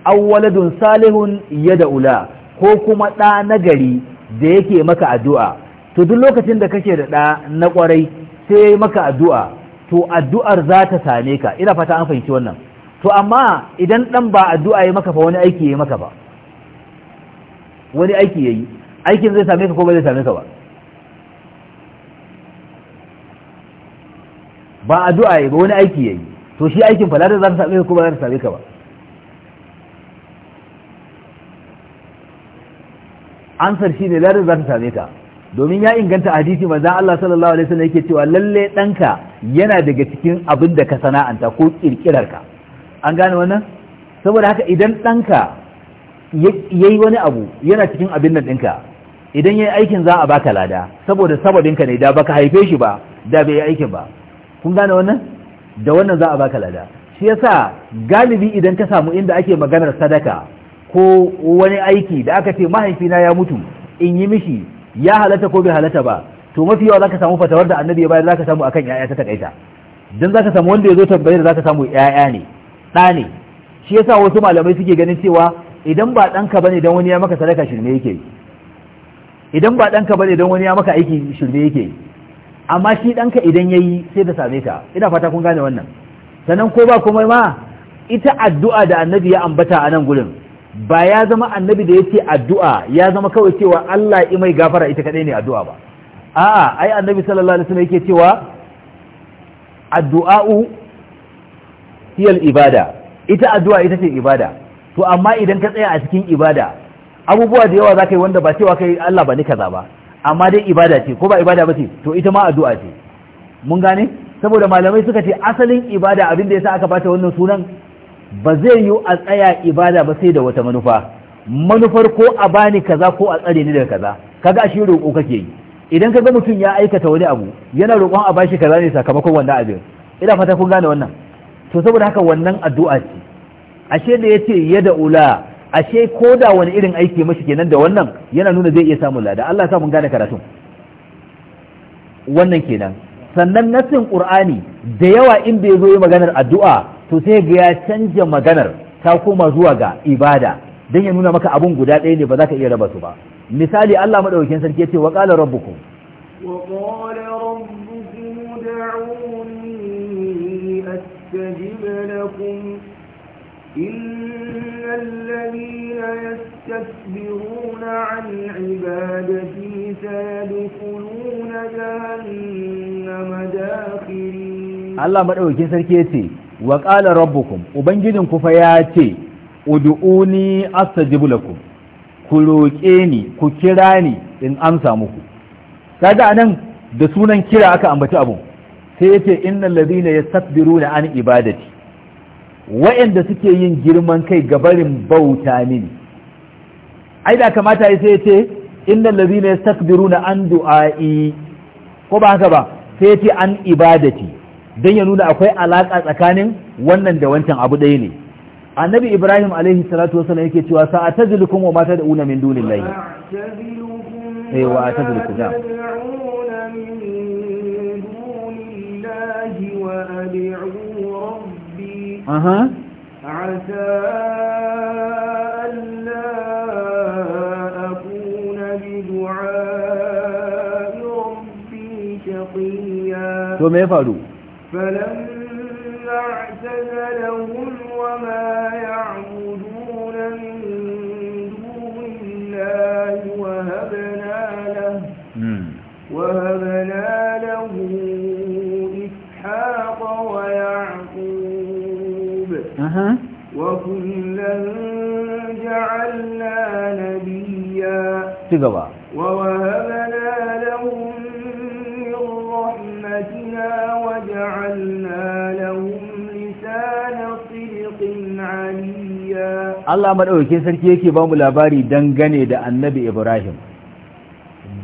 awwaladun salihun yada ula ko kuma ɗa nagari da yake maka addu'a to duk lokacin da kake da ɗa na ƙwarai sai ya yi maka addu'a to addu'ar za ta same ka ina fata an fahimci wannan to amma idan ɗan ba addu'a ya maka fa wani aiki ya yi maka ba wani aiki ya yi aikin zai same ka ko ba zai same ka ba ba addu'a ya ba wani aiki ya yi to shi aikin fa za ta same ka ko ba za ta same ka ba ansar shi ne ladar za ta same ta domin ya inganta hadisi za Allah sallallahu alaihi wasallam yake cewa lalle ɗanka yana daga cikin abin da ka sana'anta ko kirkirar ka an gane wannan saboda haka idan ɗanka yayi wani abu yana cikin abin nan ɗinka idan yayi aikin za a baka lada saboda ka ne da baka haife shi ba da bai yi aikin ba kun gane wannan da wannan za a baka lada shi yasa galibi idan ka samu inda ake maganar sadaka ko wani aiki da aka ce mahaifina ya mutu in yi mishi ya halatta ko bai halatta ba to mafi yawa zaka samu fatawar da annabi ya bayar zaka samu akan yaya ta takaita dan zaka samu wanda yazo tambayar zaka samu yaya ne da ne shi yasa wasu malamai suke ganin cewa idan ba danka bane dan wani ya maka sadaka shirme yake idan ba danka bane dan wani ya maka aiki shirme yake amma shi danka idan yayi sai da same ka ina fata kun gane wannan sannan ko ba komai ma ita addu'a da annabi ya ambata a nan gurin ba ya zama annabi da yake addu'a ya zama kawai cewa Allah mai gafara ita kadai ne addu'a ba a'a ai annabi sallallahu alaihi wasallam yake cewa addu'a'u hiyal ibada ita addu'a ita ce ibada to amma idan ka tsaya a cikin ibada abubuwa da yawa zaka yi wanda ba cewa kai Allah ba ni kaza ba amma dai ibada ce ko ba ibada ba ce to ita ma addu'a ce mun gane saboda malamai suka ce asalin ibada abin da yasa aka bata wannan sunan ba zai yi a tsaya ibada ba sai da wata manufa manufar ko a bani kaza ko a tsare ni daga kaza kaga shi roƙo kake yi idan kaga mutum ya aikata wani abu yana roƙon a bashi kaza ne sakamakon wannan abin ina fata kun gane wannan to saboda haka wannan addu'a ce ashe da yace yada ula ashe ko da wani irin aiki mashi kenan da wannan yana nuna zai iya samun lada Allah ya mun gane karatun wannan kenan sannan nasin qur'ani da yawa in bai zo yi maganar addu'a to sai ga ya canja maganar ta koma zuwa ga ibada don ya nuna maka abun guda ɗaya ne ba za ka iya raba su ba misali Allah madaukakin sarki yace wa qala rabbukum wa qala rabbukum ud'uni astajib lakum إن الذين يستكبرون عن عبادتي سيدخلون Allah داخرين الله مدعوكي ce. wa qala rabbukum ubangijin ku fa ya ce ud'uni astajib lakum ku roƙe ni ku kira ni in amsa muku kaga anan da sunan kira aka ambaci abu sai yace innal ladina yastakbiruna an ibadati wa'anda suke yin girman kai gabarin bauta mini ai da kamata sai yace innal ladina yastakbiruna an du'ai ko ba haka ba sai yace an ibadati don ya nuna akwai alaƙa tsakanin wannan da wancan abu ɗaya ne annabi ibrahim alaihi salatu yake cewa sa eh, atazilukum wa mata da'una min wa atazilukum da aha عسى ألا أكون بدعاء ربي فلما اعتزلهم وما يعبدون من دون الله وهبنا له وهبنا له إسحاق ويعقوب وكلا جعلنا نبيا ووهبنا لهم allah وجعلنا sarki yake ba mu labari dangane da Annabi Ibrahim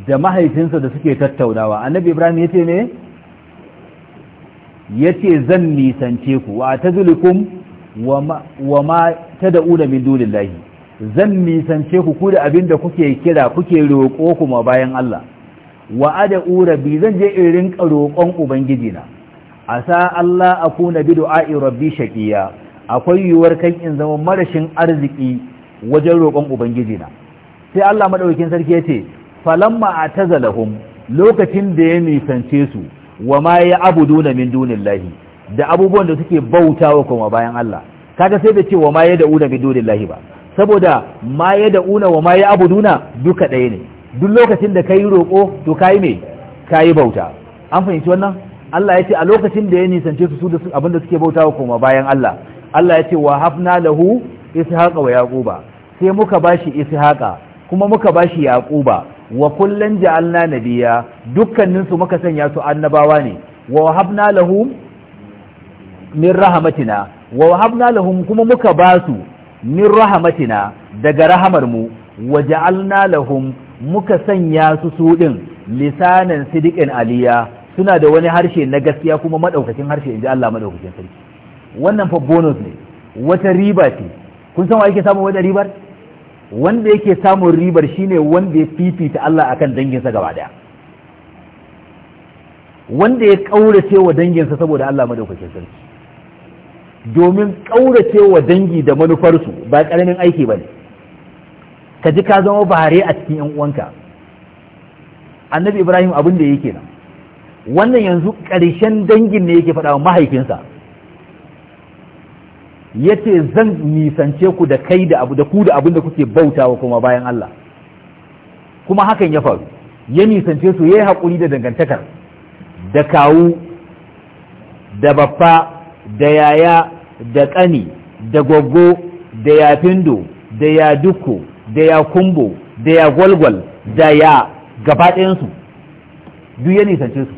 da mahaifinsa da suke tattaunawa Annabi Ibrahim yace ne yace zan nisance ku wa tazulukum wa ma tad'una min dunillahi zan nisance ku ku da abinda kuke kira kuke roƙo kuma bayan Allah wa ada urabi zan je in rinka roƙon ubangiji na sa Allah akuna bi du'a'i rabbi shaqiya akwai yiwuwar kan in zama marashin arziki wajen roƙon ubangiji na sai Allah madaukakin sarki yace falamma atazalahum lokacin da ya nisance su wa ma ya abuduna min dunillahi da abubuwan da suke bautawa kuma bayan Allah kaga sai da ce wa ma ya da'una min dunillahi ba saboda ma ya da'una wa ma ya abuduna duka ɗaya ne duk lokacin da ka yi roƙo to ka yi me ka yi bauta an fahimci wannan Allah ya ce a lokacin da ya nisance su da abinda suke bauta wa koma bayan Allah Allah ya ce wa hafna lahu ishaqa wa yaquba sai muka bashi ishaqa kuma muka bashi yaquba wa kullan ja'alna nabiyya dukkanin su muka sanya su annabawa ne wa hafna lahum min rahmatina wa hafna lahum kuma muka basu min rahmatina daga rahamar mu wa ja'alna lahum muka sanya su su din lisanin sidikin aliya suna da wani harshe na gaskiya kuma madaukakin harshe in ji Allah madaukakin sarki wannan fa bonus ne wata riba ce kun san wa yake samun wata ribar wanda yake samun ribar shine wanda ya fifita Allah akan danginsa gaba daya wanda ya kaurace wa danginsa saboda Allah madaukakin sarki domin kaurace wa dangi da manufarsu ba karamin aiki ba ne ka ji ka zama bare a cikin yan uwanka annabi ibrahim abin da yake nan wannan yanzu ƙarshen dangin ne yake faɗawa mahaifinsa ya ce zan nisance ku da kai da abu da ku da abin da kuke bautawa kuma bayan Allah kuma hakan ya faru ya nisance su ya yi haƙuri da dangantakar da kawu da baffa da yaya da ƙani da goggo, da yafindo da yaduko da ya kumbo da ya gwalgwal da ya gabaɗayansu duk ya nisance su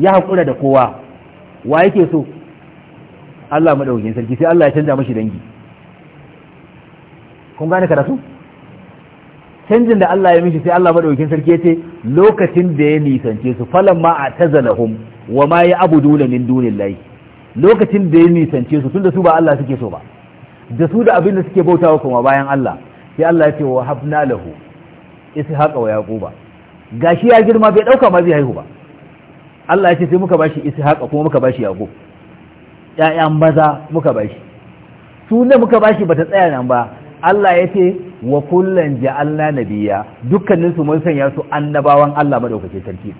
ya haƙura da kowa wa yake so Allah maɗaukin sarki sai Allah ya canja mashi dangi kun gane karatu canjin da Allah ya mishi sai Allah maɗaukin sarki ya ce lokacin da ya nisance su falan ma a tazalahum wa ma ya abu da min dunillahi lokacin da ya nisance su tunda su ba Allah suke so ba da su da abin da suke bautawa kuma bayan Allah sai Allah ya ce wa hafna lahu haƙa wa yaƙuba gashi ya girma bai ɗauka ma zai haihu ba Allah ya ce sai muka ba shi isi haƙa kuma muka ba shi yaqub ƴaƴan maza muka ba shi, su ne muka ba shi bata tsaya nan ba Allah ya ce wa kullum ja'alna nabiyya dukkanin su mun sanya su annabawan Allah madaukake sarki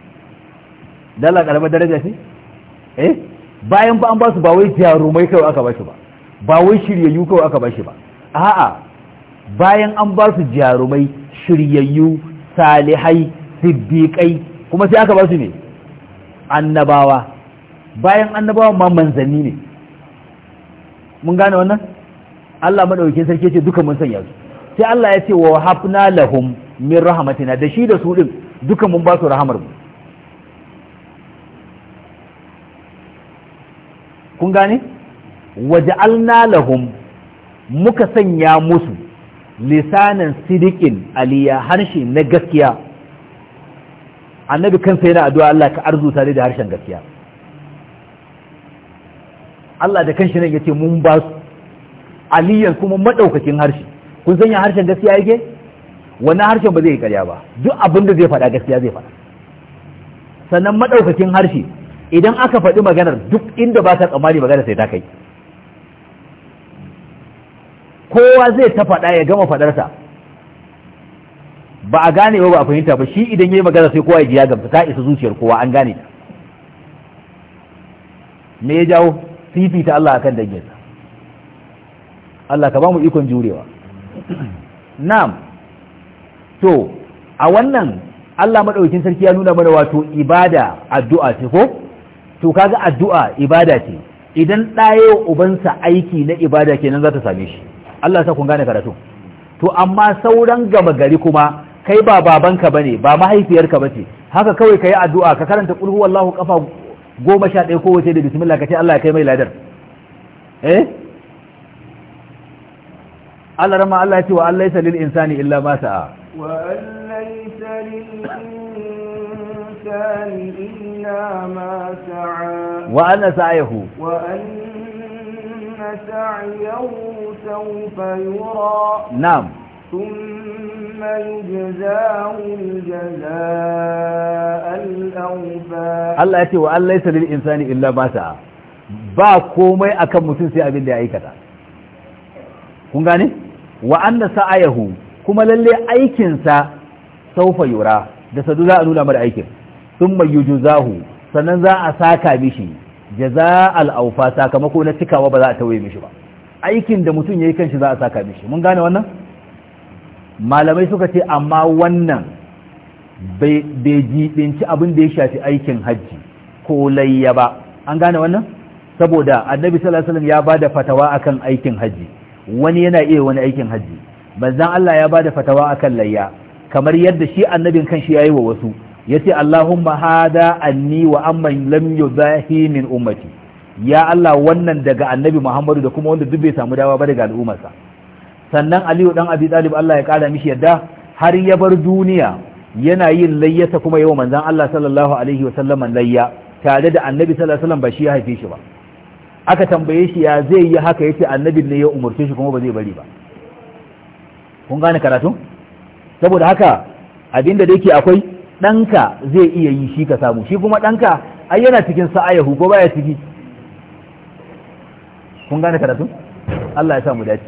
dalla karama daraja ce eh bayan ba an ba su ba wai jarumai kawai aka ba shi ba ba wai shiryayyu kawai aka ba shi ba a'a bayan an ba su jarumai shiryayyu salihai siddiƙai kuma sai aka ba su ne annabawa bayan annabawa ma manzanni ne mun gane wannan Allah madaukakin sarki ce duka mun sanya su sai Allah ya ce wa hafna lahum min rahmatina da shi da su din duka mun ba su rahamar mu kun gane waja'alna lahum muka sanya musu Lisanin sidikin aliyya harshe na gaskiya annabi kansa yana addu'a Allah ka arzuta ne da harshen gaskiya Allah da kanshi nan yace mun ba su aliyan kuma madaukakin harshe kun sanya harshen gaskiya yake wannan harshen ba zai yi karya ba duk abin da zai faɗa gaskiya zai faɗa sannan madaukakin harshe idan aka faɗi maganar duk inda ba ta tsammani magana sai ta kai kowa zai ta faɗa ya gama faɗarsa ba a gane ba a fahimta ba shi idan yi magana sai kowa ya ji ya gamsu ta isa zuciyar kowa an gane ta me ya jawo fifita Allah akan danginsa Allah ka ba mu ikon jurewa [clears throat] na'am to a wannan Allah maɗaukin sarki ya nuna mana wato ibada addu'a ce ko to kaga addu'a ibada ce idan ɗaya ubansa aiki na ibada kenan za ta same shi Allah sa kun gane karatu to amma sauran gama gari kuma kai ba babanka bane ba mahaifiyarka bace haka kawai kai addu'a ka karanta qul huwallahu kafa goma sha ɗaya da bismillah ka ce Allah ya kai mai ladar eh Allah rama Allah ya ce wa Allah ya salil insani illa ma sa'a wa Allah insani illa ma sa'a wa ana sa'ihu wa سعيه سوف يرى نعم ثم يجزاه الجزاء الأوفى الله يأتي ba komai akan mutum sai abin da ya aikata kun gane wa anna kuma lalle aikin sa saufa yura da sadu za a nuna mana aikin sun thumma yujzahu sannan za a saka mishi jaza al'aufa sakamako na cikawa ba za a tawaye mishi ba aikin da mutum ya yi kanshi za a saka mishi mun gane wannan malamai suka ce amma wannan bai jiɗinci abin da ya shafi aikin hajji ko layya ba an gane wannan saboda annabi sallallahu alaihi wasallam ya bada fatawa akan aikin hajji wani yana iya wani aikin hajji manzon Allah ya bada fatawa akan layya kamar yadda shi annabin kanshi yi wa wasu Ya yace Allahumma hada anni wa amman lam yuzahi min ummati ya Allah wannan daga annabi Muhammadu da kuma wanda duk bai samu dawa ba daga al'ummarsa sannan Aliyu dan Abi Talib Allah ya kara mishi yadda har ya bar duniya yana yin layyata kuma yawa manzon Allah sallallahu alaihi wa sallam layya tare da annabi sallallahu alaihi wasallam ba shi ya haife shi ba aka tambaye shi ya zai yi haka yace annabi ne ya umurce shi kuma ba zai bari ba kun gane karatu saboda haka abinda da yake akwai ɗanka zai iya yi shi ka samu shi kuma ɗanka ai yana cikin sa'ayahu ko baya ciki kun gane karatu Allah ya samu dace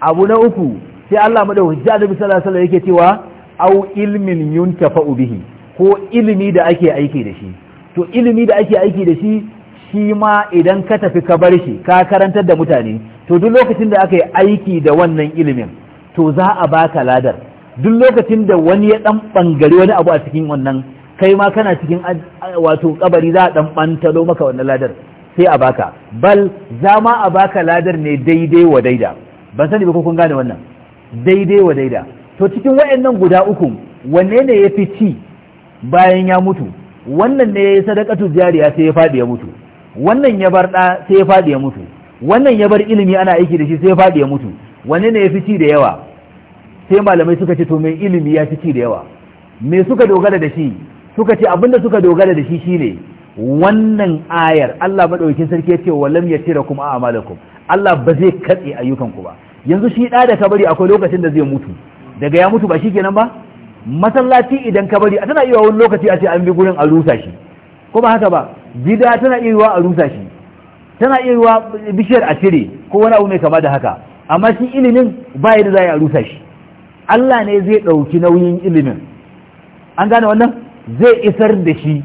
abu na uku sai Allah madawwaci annabi sallallahu alaihi wasallam yake cewa au ilmin yuntafa'u bihi ko ilimi da ake aiki da shi to ilimi da ake aiki da shi shi ma idan ka tafi ka bar shi ka karantar da mutane to duk lokacin da aka yi aiki da wannan ilimin to za a baka ladar duk lokacin da wani ya dan bangare wani abu a cikin wannan kai ma kana cikin wato kabari za a dan bantalo maka wannan ladar sai a baka bal za ma a baka ladar ne daidai wa daida ban sani ba ko kun gane wannan daidai wa daida to cikin wayannan guda uku wanne ne ya fi ci bayan ya mutu wannan ne ya yi sadakatu jariya sai ya faɗi ya mutu wannan ya bar ɗa sai ya faɗi ya mutu wannan ya bar ilimi ana aiki da shi sai ya faɗi ya mutu wanne ne ya fi ci da yawa sai malamai suka ce to mai ilimi ya ci da yawa me suka dogara da shi suka ce abinda suka dogara da shi shine wannan ayar Allah madaukakin sarki ya ce yatira kum a'malakum Allah ba zai katse ayyukanku ba yanzu shi da ka bari akwai lokacin da zai mutu daga ya mutu ba shikenan ba masallaci idan ka bari tana iya wani lokaci a ce an bi gurin a rusa shi ko ba haka ba gida tana iya yiwa a rusa shi tana iya yiwa bishiyar a cire ko wani abu mai kama da haka amma shi ilimin ba yadda za a rusa shi Allah ne zai ɗauki nauyin ilimin an gane wannan zai isar da shi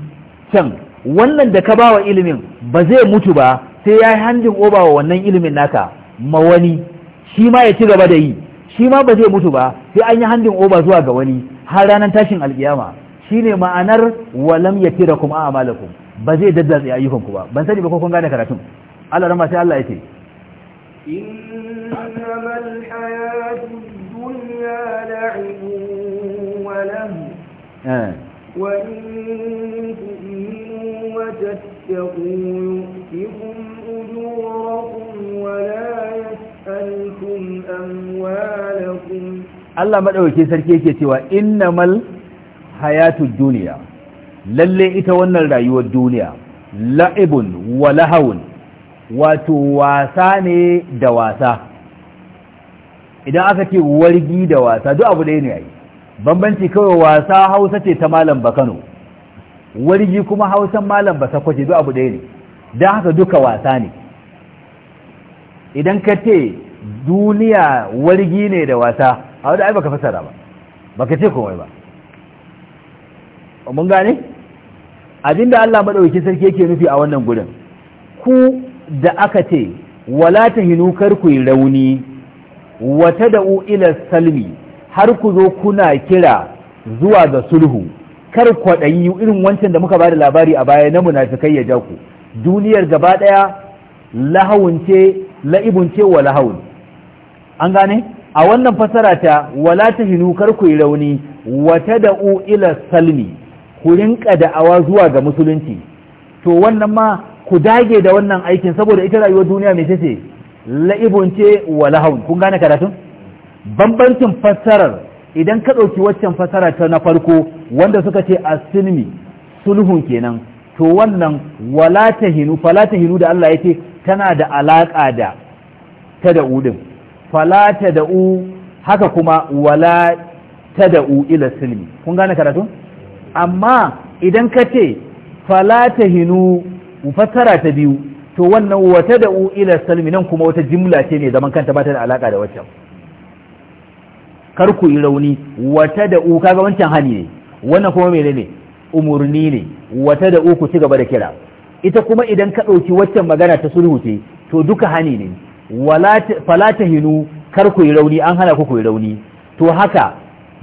can wannan da ka bawa ilimin ba zai mutu ba sai ya yi hanjin oba wa wannan ilimin naka ma wani shi ma ya ci gaba da yi shi ma ba zai mutu ba sai an yi handin oba zuwa ga wani har ranar tashin shi ne ma'anar walam ya kuma a a'malakum ba zai ayyukan ayyukanku ba ban sani ba ko kun gane karatun Allah rama sai Allah ya ce الدنيا لعب وله وإن تؤمنوا وتتقوا يؤتكم أجوركم ولا يسألكم أموالكم Allah maɗauki sarki yake cewa innamal hayatu duniya lalle ita wannan rayuwar duniya la'ibun wa lahawun wato wasa ne da wasa idan aka ce wargi da wasa duk abu ɗaya ne yi. bambanci kawai wasa hausa ce ta malam bakano wargi kuma hausan malam ba sakwace duk abu ɗaya ne don haka duka wasa ne idan ka ce duniya wargi ne da wasa a wadda ai baka fasara ba baka ce kuma ba mun gane abinda Allah madauki sarki yake nufi a wannan gurin ku da aka ce wala ta kar ku yi rauni wata da'u ila salmi har ku zo kuna kira zuwa ga sulhu kar kwaɗayi irin wancan da muka ba labari a baya na munafikai ya ja ku duniyar gaba ɗaya lahawun ce la'ibun ce wa lahawun an gane a wannan fasara ta wala ta hinu kar ku yi rauni wata da'u ila salmi ku rinka da'awa zuwa ga musulunci to wannan ma ku dage da wannan aikin saboda ita rayuwar duniya mai ce la'ibunce ce wa lahaun kun gane karatun bambancin fassarar idan ka ɗauki waccan fassara ta na farko wanda suka ce a silmi sulhun kenan to wannan wala hinu fala hinu da Allah ya ce tana da alaƙa da ta da udin fala da u haka kuma wala ta da u ila silmi kun gane karatu amma idan ka ce fala hinu fassara ta biyu to wannan wata da ila salmi nan kuma wata jimla ce ne zaman kanta ba ta da alaka da waccan kar yi rauni wata da uka ga wancan hani ne wannan kuma mai ne umurni ne wata da uku ci gaba da kira ita kuma idan ka ɗauki waccan magana ta sulhu ce to duka hani ne fala ta hinu kar ku yi rauni an hana ku ku yi rauni to haka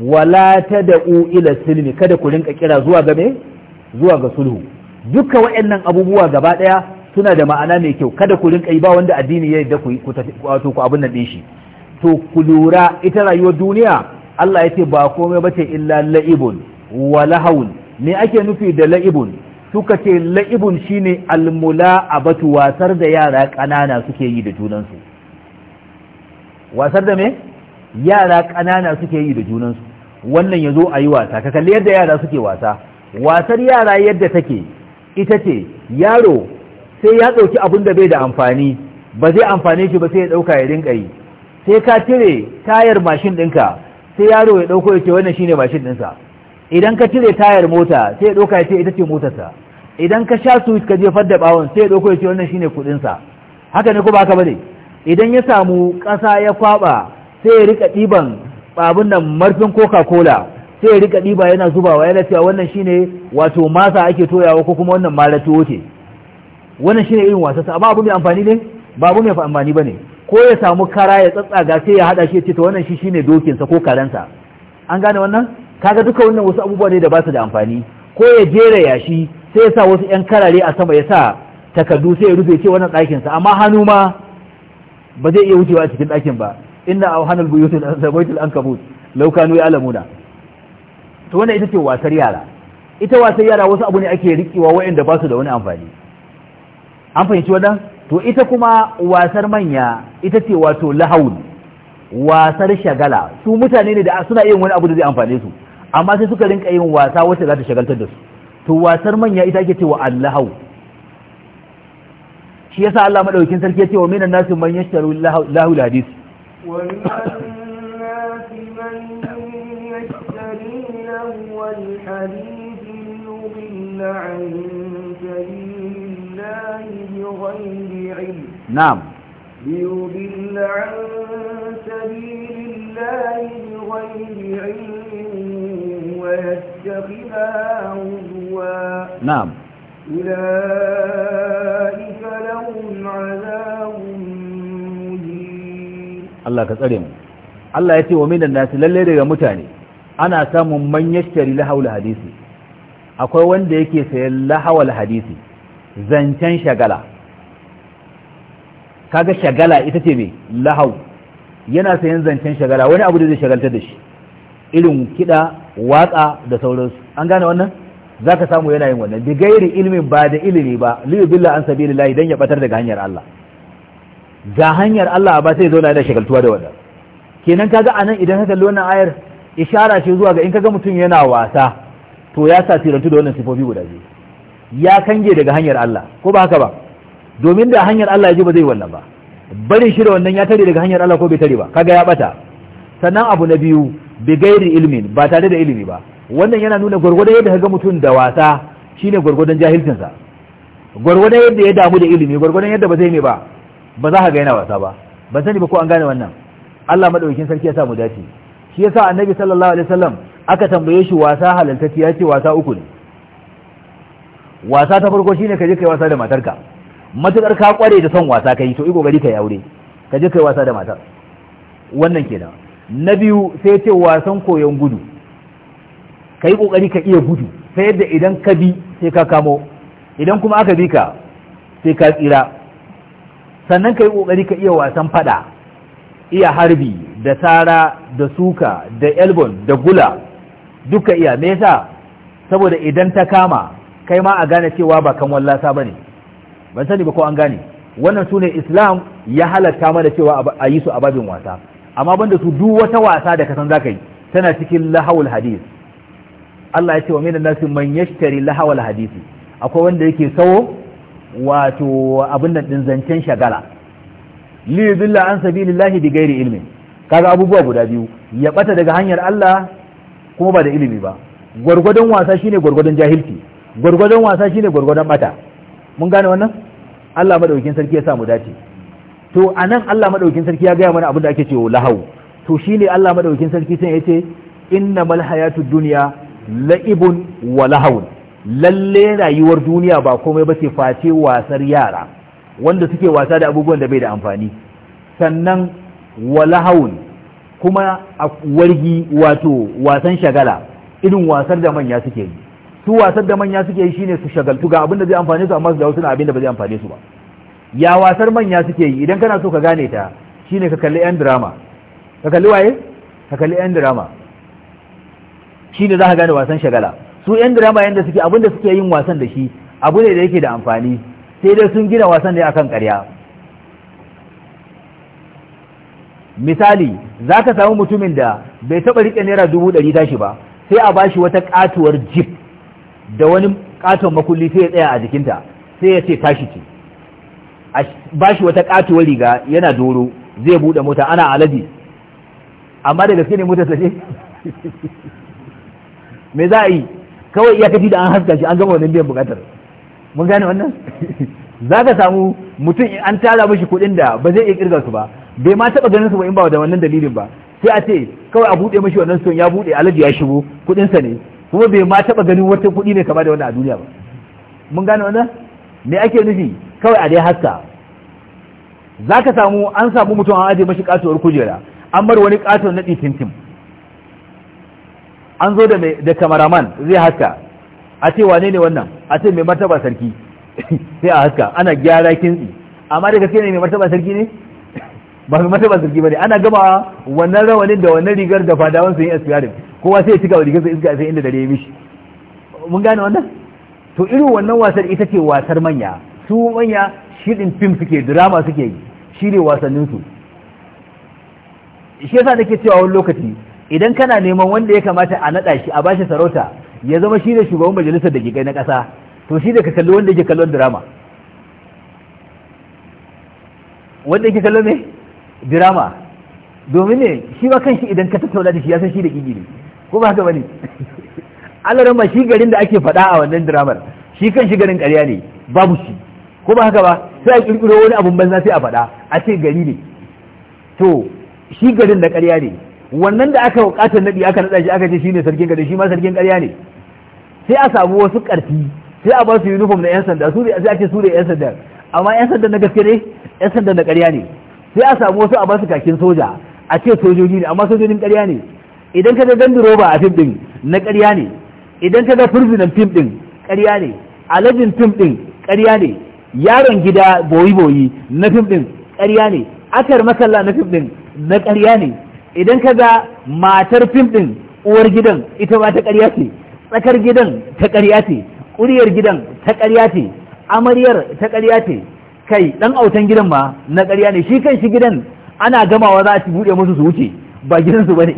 wala ta da u ila silmi kada ku rinka kira zuwa ga me zuwa ga sulhu duka waɗannan abubuwa gaba ɗaya suna da ma'ana mai kyau kada ku rinka yi ba wanda addini ya yadda ku tafi wato ku abin nan din shi to ku lura ita rayuwar duniya Allah ya ce ba komai bace illa la'ibun wa lahawun me ake nufi da la'ibun suka ce la'ibun shine almula abatu, wasar da yara ƙanana suke yi da junansu wasar da me yara ƙanana suke yi da junansu wannan ya zo a yi wasa ka kalli yadda yara suke wasa wasar yara yadda take ita ce yaro sai ya ɗauki abin da bai da amfani ba zai amfani shi ba sai ya ɗauka ya rinka yi sai ka cire tayar mashin ɗinka sai yaro ya ɗauko ya ce wannan shine mashin ɗinsa idan ka cire tayar mota sai ya ɗauka ya ce ita ce motarsa idan ka sha su ka jefar da ɓawon sai ya ɗauko ya ce wannan shine kuɗinsa haka ne ko ba ka bane idan ya samu ƙasa ya kwaɓa, sai ya riƙa ɗiban abin nan marfin coca cola sai ya riƙa ɗiba yana zubawa yana cewa wannan shine wato masa ake toyawa ko kuma wannan mara ce wannan shine irin wasa amma abu mai amfani ne ba abu mai amfani bane ko ya samu kara ya tsatsaga sai ya hada shi ya ce to wannan shi shine dokin sa ko karanta an gane wannan kaga duka wannan wasu abubuwa ne da ba su da amfani ko ya jera yashi sai ya sa wasu yan karare a sama ya sa takardu sai ya rufe ce wannan ɗakin sa amma hannu ma ba zai iya wucewa cikin ɗakin ba inna a hannun buyutun zabaitul an kabut laukanu ya alamuna to wannan ita ce wasar yara ita wasar yara wasu abu ne ake rikewa waɗanda ba su da wani amfani an fahimci wadan to ita kuma wasar manya ita ce wato lahaul wasar shagala su mutane ne da suna yin wani abu da zai amfane su amma sai suka rinka yin wasa wacce za ta shagaltar da su to wasar manya ita ake cewa allahau shi yasa Allah madaukakin sarki ya ce wa minan nasu man yashtaru lahu hadis wa minan nasi man yashtari lahu hadis غير علم Allah ya ce wa minan nasi lallai daga mutane ana samun manyan shari lahawul hadisi akwai wanda yake sayan lahawul hadisi zancen shagala kaga shagala ita ce mai lahau yana sayan zancen shagala wani abu da zai shagaltar da shi irin kiɗa watsa da sauransu an gane wannan za ka samu yanayin wannan da gairi ilimin ba da ilimi ba liyu billa an sabi lillahi don ya batar daga hanyar Allah ga hanyar Allah ba sai zauna da shagaltuwa da wannan kenan kaga anan idan ka kalli wannan ayar ishara ce zuwa ga in kaga mutum yana wasa to ya sa sirantu da wannan sifofi guda biyu ya kange daga hanyar Allah ko ba haka ba domin da hanyar Allah ya ji ba zai wannan ba bari shi da wannan ya tare daga hanyar Allah ko bai tare ba kaga ya bata sannan abu na biyu bi gairi ilmin ba tare da ilimi ba wannan yana nuna gwargwadon yadda kaga mutum da wasa shine gwargwadon sa gwargwadon yadda ya damu da ilimi gwargwadon yadda ba zai mai ba ba za ka ga yana wasa ba ban sani ba ko an gane wannan Allah madaukakin sarki ya sa mu dace shi yasa annabi sallallahu alaihi wasallam aka tambaye shi wasa halaltacci ya ce wasa uku ne wasa ta farko shine ka je kai wasa da matarka matuƙar ka ƙware da son wasa kai to iko gari ka aure ka je kai wasa da matar wannan kenan na biyu sai ce wasan koyon gudu ka yi ƙoƙari ka iya gudu sai yadda idan ka bi sai ka kamo idan kuma aka bi ka sai ka tsira sannan ka yi ƙoƙari ka iya wasan faɗa iya harbi da tsara da suka da elbon da gula duka iya me yasa saboda idan ta kama kai ma a gane cewa ba kan wallasa ba ne. ban sani ba ko an gane wannan sune islam ya halatta mana cewa a yi su a babin wasa amma banda su duk wata wasa da kasan zaka yi tana cikin lahawul hadis Allah ya ce wa minan nasi man yashtari lahawul hadisi akwai wanda yake sawo wato abin nan din zancen shagala li yudilla an sabilillahi bi ghairi ilmin kaga abubuwa guda biyu ya bata daga hanyar Allah kuma ba da ilimi ba gwargwadon wasa shine gwargwadon jahilci gwargwadon wasa shine gwargwadon bata mun gane wannan Allah madaukakin sarki ya sa mu dace to anan Allah madaukakin sarki ya gaya mana abin da ake cewa lahau to shine Allah madaukakin sarki sai yace mal hayatud dunya la'ibun wa lahawun lalle rayuwar duniya ba komai ba ce face wasar yara wanda suke wasa da abubuwan da bai da amfani sannan wa lahawun kuma a wargi wato wasan shagala irin wasar da manya suke yi su wasar da manya suke yi shine su shagaltu ga abin da zai amfane su amma su dawo suna abin da ba zai amfane su ba ya wasar manya suke yi idan kana so ka gane ta shine ka kalli yan drama ka kalli waye ka kalli yan drama shine za ka gane wasan shagala su yan drama yanda suke abin da suke yin wasan da shi abu ne da yake da amfani sai dai sun gina wasan ne akan ƙarya misali za ka samu mutumin da bai taɓa riƙe naira dubu ɗari tashi ba sai a bashi wata ƙatuwar jip da wani katon makulli sai ya tsaya a jikinta sai ya ce tashi ce ba shi wata katuwar riga yana doro zai bude mota ana alaji amma da gaske ne mota ta ce [laughs] me za a yi kawai iyakaci da an haska shi an gama wannan biyan bukatar mun gane wannan [laughs] za ka samu mutum an tara mishi kuɗin da ba zai iya kirga su ba bai ma taɓa ganin su ba in ba da wannan dalilin ba sai a ce kawai a buɗe mashi wannan son ya buɗe alaji ya shigo kuɗinsa ne kuma bai ma taɓa ganin wata kuɗi ne kama da wannan a duniya ba mun gane wannan me ake nufi kawai a dai haska za ka samu an samu mutum an ajiye mashi katuwar kujera an bar wani katon na tintim an zo da kamaraman zai haska a ce wane ne wannan a ce mai martaba sarki [laughs] sai a haska ana gyara kintsi amma da gaske ne mai martaba sarki ne [laughs] ba mai martaba sarki ba ne ana gama wannan rawanin da wannan rigar da fadawan sun yi aspirin kowa sai ya ci gaba rigarsa iska sai inda dare ya mishi mun gane wannan to irin wannan wasar ita ce wasar manya su manya shi din fim suke drama suke yi shi ne wasannin su. shi yasa nake cewa wani lokaci idan kana neman wanda ya kamata a naɗa shi a bashi sarauta ya zama shi ne shugaban majalisar da ke kai na ƙasa to shi da ka kalli wanda yake kallon drama wanda yake kallon ne drama domin ne shi ba kan shi idan ka tattauna da shi ya san shi da kiki ne ko ba haka bane Allah ran shi garin da ake faɗa a wannan dramar shi kan shi garin ƙarya ne babu shi ko ba haka ba sai a kirkiro wani abun banza sai a faɗa a ce gari ne to shi garin da ƙarya ne wannan da aka buƙatar naɗi aka naɗa shi aka ce shine sarkin garin shi ma sarkin ƙarya ne sai a samu wasu ƙarfi sai a ba su uniform na 'yan sanda su sai a ce su ne 'yan sanda amma 'yan sanda na gaske ne 'yan sanda na ƙarya ne sai a samu wasu a ba su kakin soja a ce sojoji ne amma sojojin ƙarya ne idan ka ga gandu roba a fim ɗin, na ƙarya ne idan ka ga furzinan fim ɗin, ƙarya ne alajin fim ɗin, ƙarya ne yaron gida boyi boyi na fim din ƙarya ne akar masalla na fim ɗin, na ƙarya ne idan ka ga matar fim ɗin uwar gidan ita ma ta ƙarya ce tsakar gidan ta ƙarya ce ƙuriyar gidan ta ƙarya ce amaryar ta ƙarya ce kai ɗan autan gidan ma na ƙarya ne shi kan shi gidan ana gamawa za a buɗe musu su wuce ba gidansu ba ne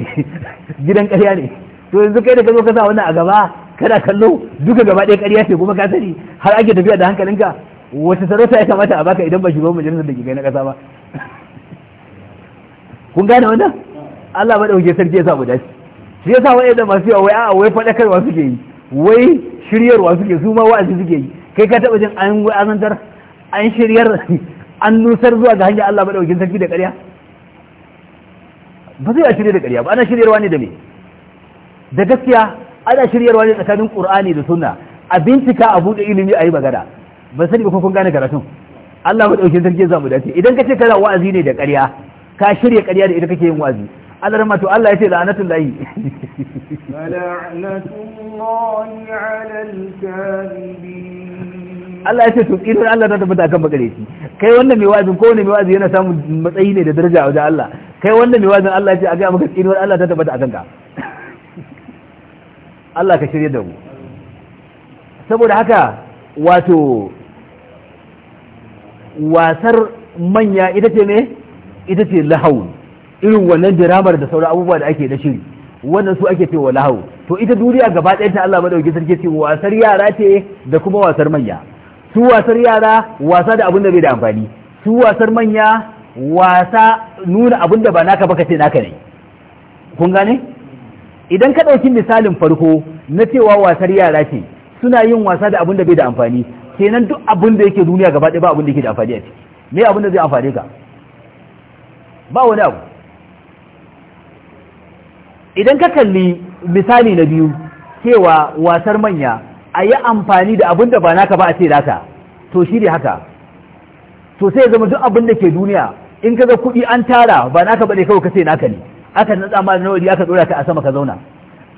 gidan karya ne to yanzu kai da ka zo ka sa wannan a gaba kana kallo duka gaba ɗaya karya ce kuma ka sani har ake tafiya da hankalinka wata sarauta ya kamata a baka idan ba shugaban majalisar da ke kai na ƙasa ba kun gane wannan Allah ba dauke sarki ya sa mu dace shi yasa da masu yawa wai a'a wai faɗakarwa suke yi wai shiryarwa suke su ma wa'azi suke yi kai ka taɓa jin an wa'azantar an shiryar an nusar zuwa ga hanyar Allah ba dauke sarki da ƙarya ba zai a shirya da ƙarya ba ana shiryarwa ne da me da gaskiya ana shiryarwa ne tsakanin ƙur'ani da sunna a bincika a buɗe ilimi a yi magana ba sani ba ko kun gane karatun Allah mu dauke sarki za mu dace idan kace kana wa'azi ne da ƙarya ka shirya ƙarya da ita kake yin wa'azi Allah rahma to Allah ya ce la'anatul lahi Allah ya ce to tsirar Allah ta tabbata kan shi kai wannan mai wa'azi ko wannan mai wa'azi yana samun matsayi ne da daraja a wajen Allah kai wanda mai wajen Allah ce a gaya maka tsinuwar Allah ta tabbata a kanka Allah ka shirye da mu saboda haka wato wasar manya ita ce ne ita ce lahau irin wannan diramar da sauran abubuwa da ake da shiri wannan su ake cewa lahau to ita duniya gaba ɗaya ta Allah madauki sarki ce wasar yara ce da kuma wasar manya su wasar yara wasa da abin da bai da amfani su wasar manya wasa nuna abin da ba naka ka ce naka ne kun gane idan ka ɗauki misalin farko na cewa wasar yara ce suna yin wasa da abin da bai da amfani kenan duk abin da yake duniya gaba ɗaya ba abin da yake da amfani a ciki me abin da zai amfani ka ba wani abu idan ka kalli misali na biyu cewa wasar manya a yi amfani da abin da ba naka ba a ce naka to shi ne haka to sai zama duk abin da ke duniya in ga kuɗi an tara ba naka bane kawai kace naka ne aka natsa ma da nawari aka dora ka a sama ka zauna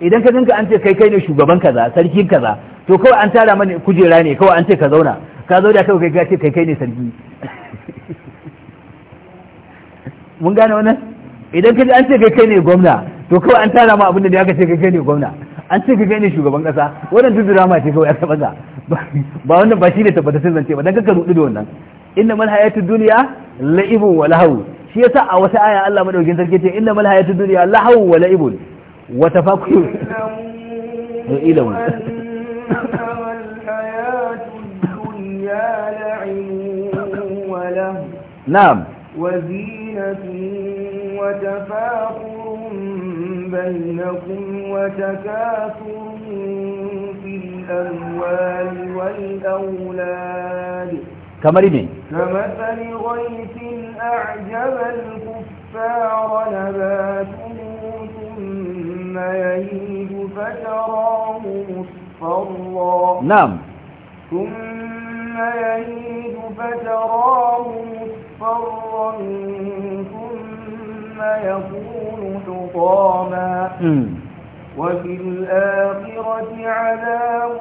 idan ka ganka an ce kai kai ne shugaban kaza sarkin kaza to kawai an tara mana kujera ne kawai an ce ka zauna ka zauna kawai kai ce kai kai ne sarki [laughs] mun gane wannan idan ka ji an ce kai kai ne gwamna to kawai an tara ma abin da aka ce kai kai ne gwamna an ce kai kai ne shugaban kasa wannan duk drama ce kawai aka baza [laughs] ba wannan ba shi ne tabbatattun zance ba dan ka rudu da wannan inna mal hayatu dunya la'ibun wa lahu shi yasa a wata aya Allah madaukin sarki ce inna mal hayatu dunya lahu wa la'ibun wa tafakkur ilamu نعم وزينة وتفاخر بينكم وتكاثر كمري مين كمثل غيث أعجب الكفار نباته ثم يهيد فتراه مصفرا نعم ثم يهيد فتراه مصفرا ثم يكون حطاما وفي الآخرة عذاب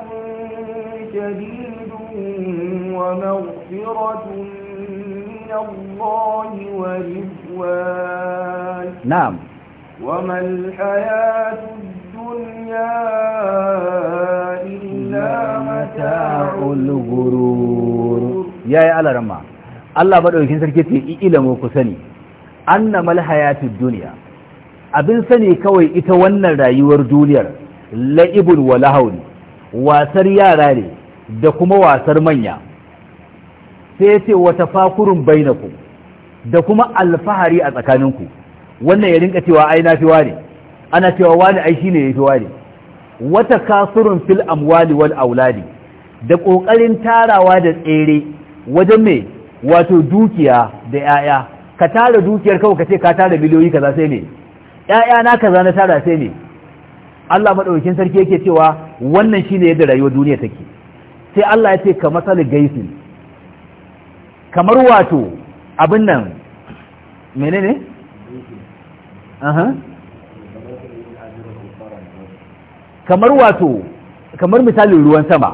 شديد ومغفرة من الله ورضوان نعم وما الحياة الدنيا إلا متاع الغرور يا يا على رمى الله بدأ sarki ce ilmu ku sani annamal hayatud dunya abin sani kawai ita wannan rayuwar duniyar la'ibul wa lahawli wasar yara ne da kuma wasar manya sai ya ce wata fakurun bainaku da kuma alfahari a tsakaninku wannan ya rinka cewa ai na fi wani ana cewa wani ai shine ya fi wani wata kasurun fil amwali wal auladi da kokarin tarawa da tsere wajen me wato dukiya da yaya ka tara dukiyar kawai ka ce ka tara miliyoyi kaza sai ne yaya na kaza na tara sai ne Allah madaukakin sarki yake cewa wannan shine yadda rayuwar duniya take sai Allah ya ce ka masal gaisin kamar wato abin nan menene ne? kamar wato kamar misalin ruwan sama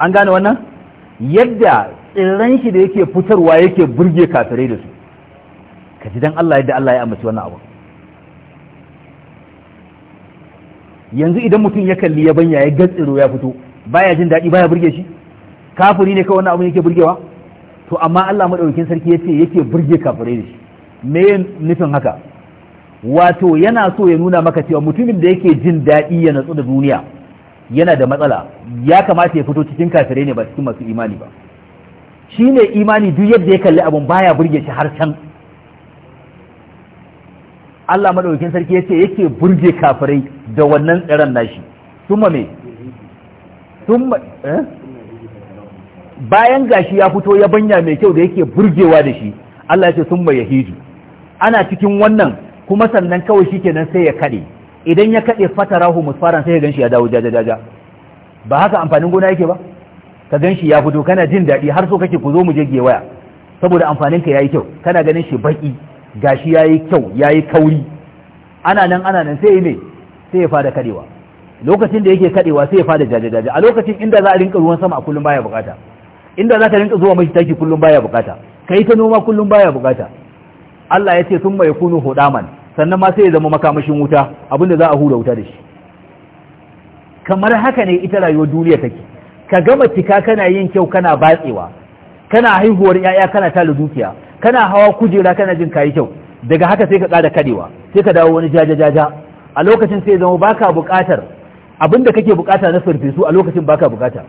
an gane wannan yadda tsirran shi da yake fitarwa yake burge kafirai da su ka ji don Allah yadda Allah ya amince wannan abu yanzu idan mutum ya kalli ya banya ya gatsiro ya fito baya jin daɗi baya burge shi kafiri ne kawai wannan abu yake burgewa to amma Allah madaukakin sarki yace yake burge kafirai da shi me nufin haka wato yana so ya nuna maka cewa mutumin da yake jin daɗi ya natsu da duniya yana da matsala ya kamata ya fito cikin kafirai ne ba cikin masu imani ba shi ne imani duk yadda ya kalli abun baya burge shi har can Allah madaukakin sarki yace yake burge kafirai da wannan tsaron nashi summa me summa eh bayan gashi ya fito ya banya mai kyau da yake burgewa da shi Allah ya ce sun ya hiju ana cikin wannan kuma sannan kawai shi kenan sai ya kaɗe idan ya kaɗe fatarahu musfaran sai ya ganshi ya dawo jajajaja ba haka amfanin gona yake ba ka ganshi ya fito kana jin daɗi har so kake ku zo mu je waya? saboda amfanin ka yayi kyau kana ganin shi baki gashi yayi kyau yayi kauri ana nan ana nan sai ne sai ya fada kadewa lokacin da yake kadewa sai ya fada jajajaja a lokacin inda za a rinka ruwan sama a kullum baya bukata inda za ka rinka zuwa mashi taki kullum baya bukata yi ta noma kullum baya bukata Allah ya ce sun mai kunu hudaman sannan ma sai ya zama makamashin wuta abinda za a hura wuta da shi kamar haka ne ita rayuwar duniya take ka gama cika kana yin kyau kana batsewa kana haihuwar yaya kana tala dukiya kana hawa kujera kana jin kayi kyau daga haka sai ka kada kadewa sai ka dawo wani jaja jaja a lokacin sai zama baka bukatar abinda kake bukata na farfesu a lokacin baka bukata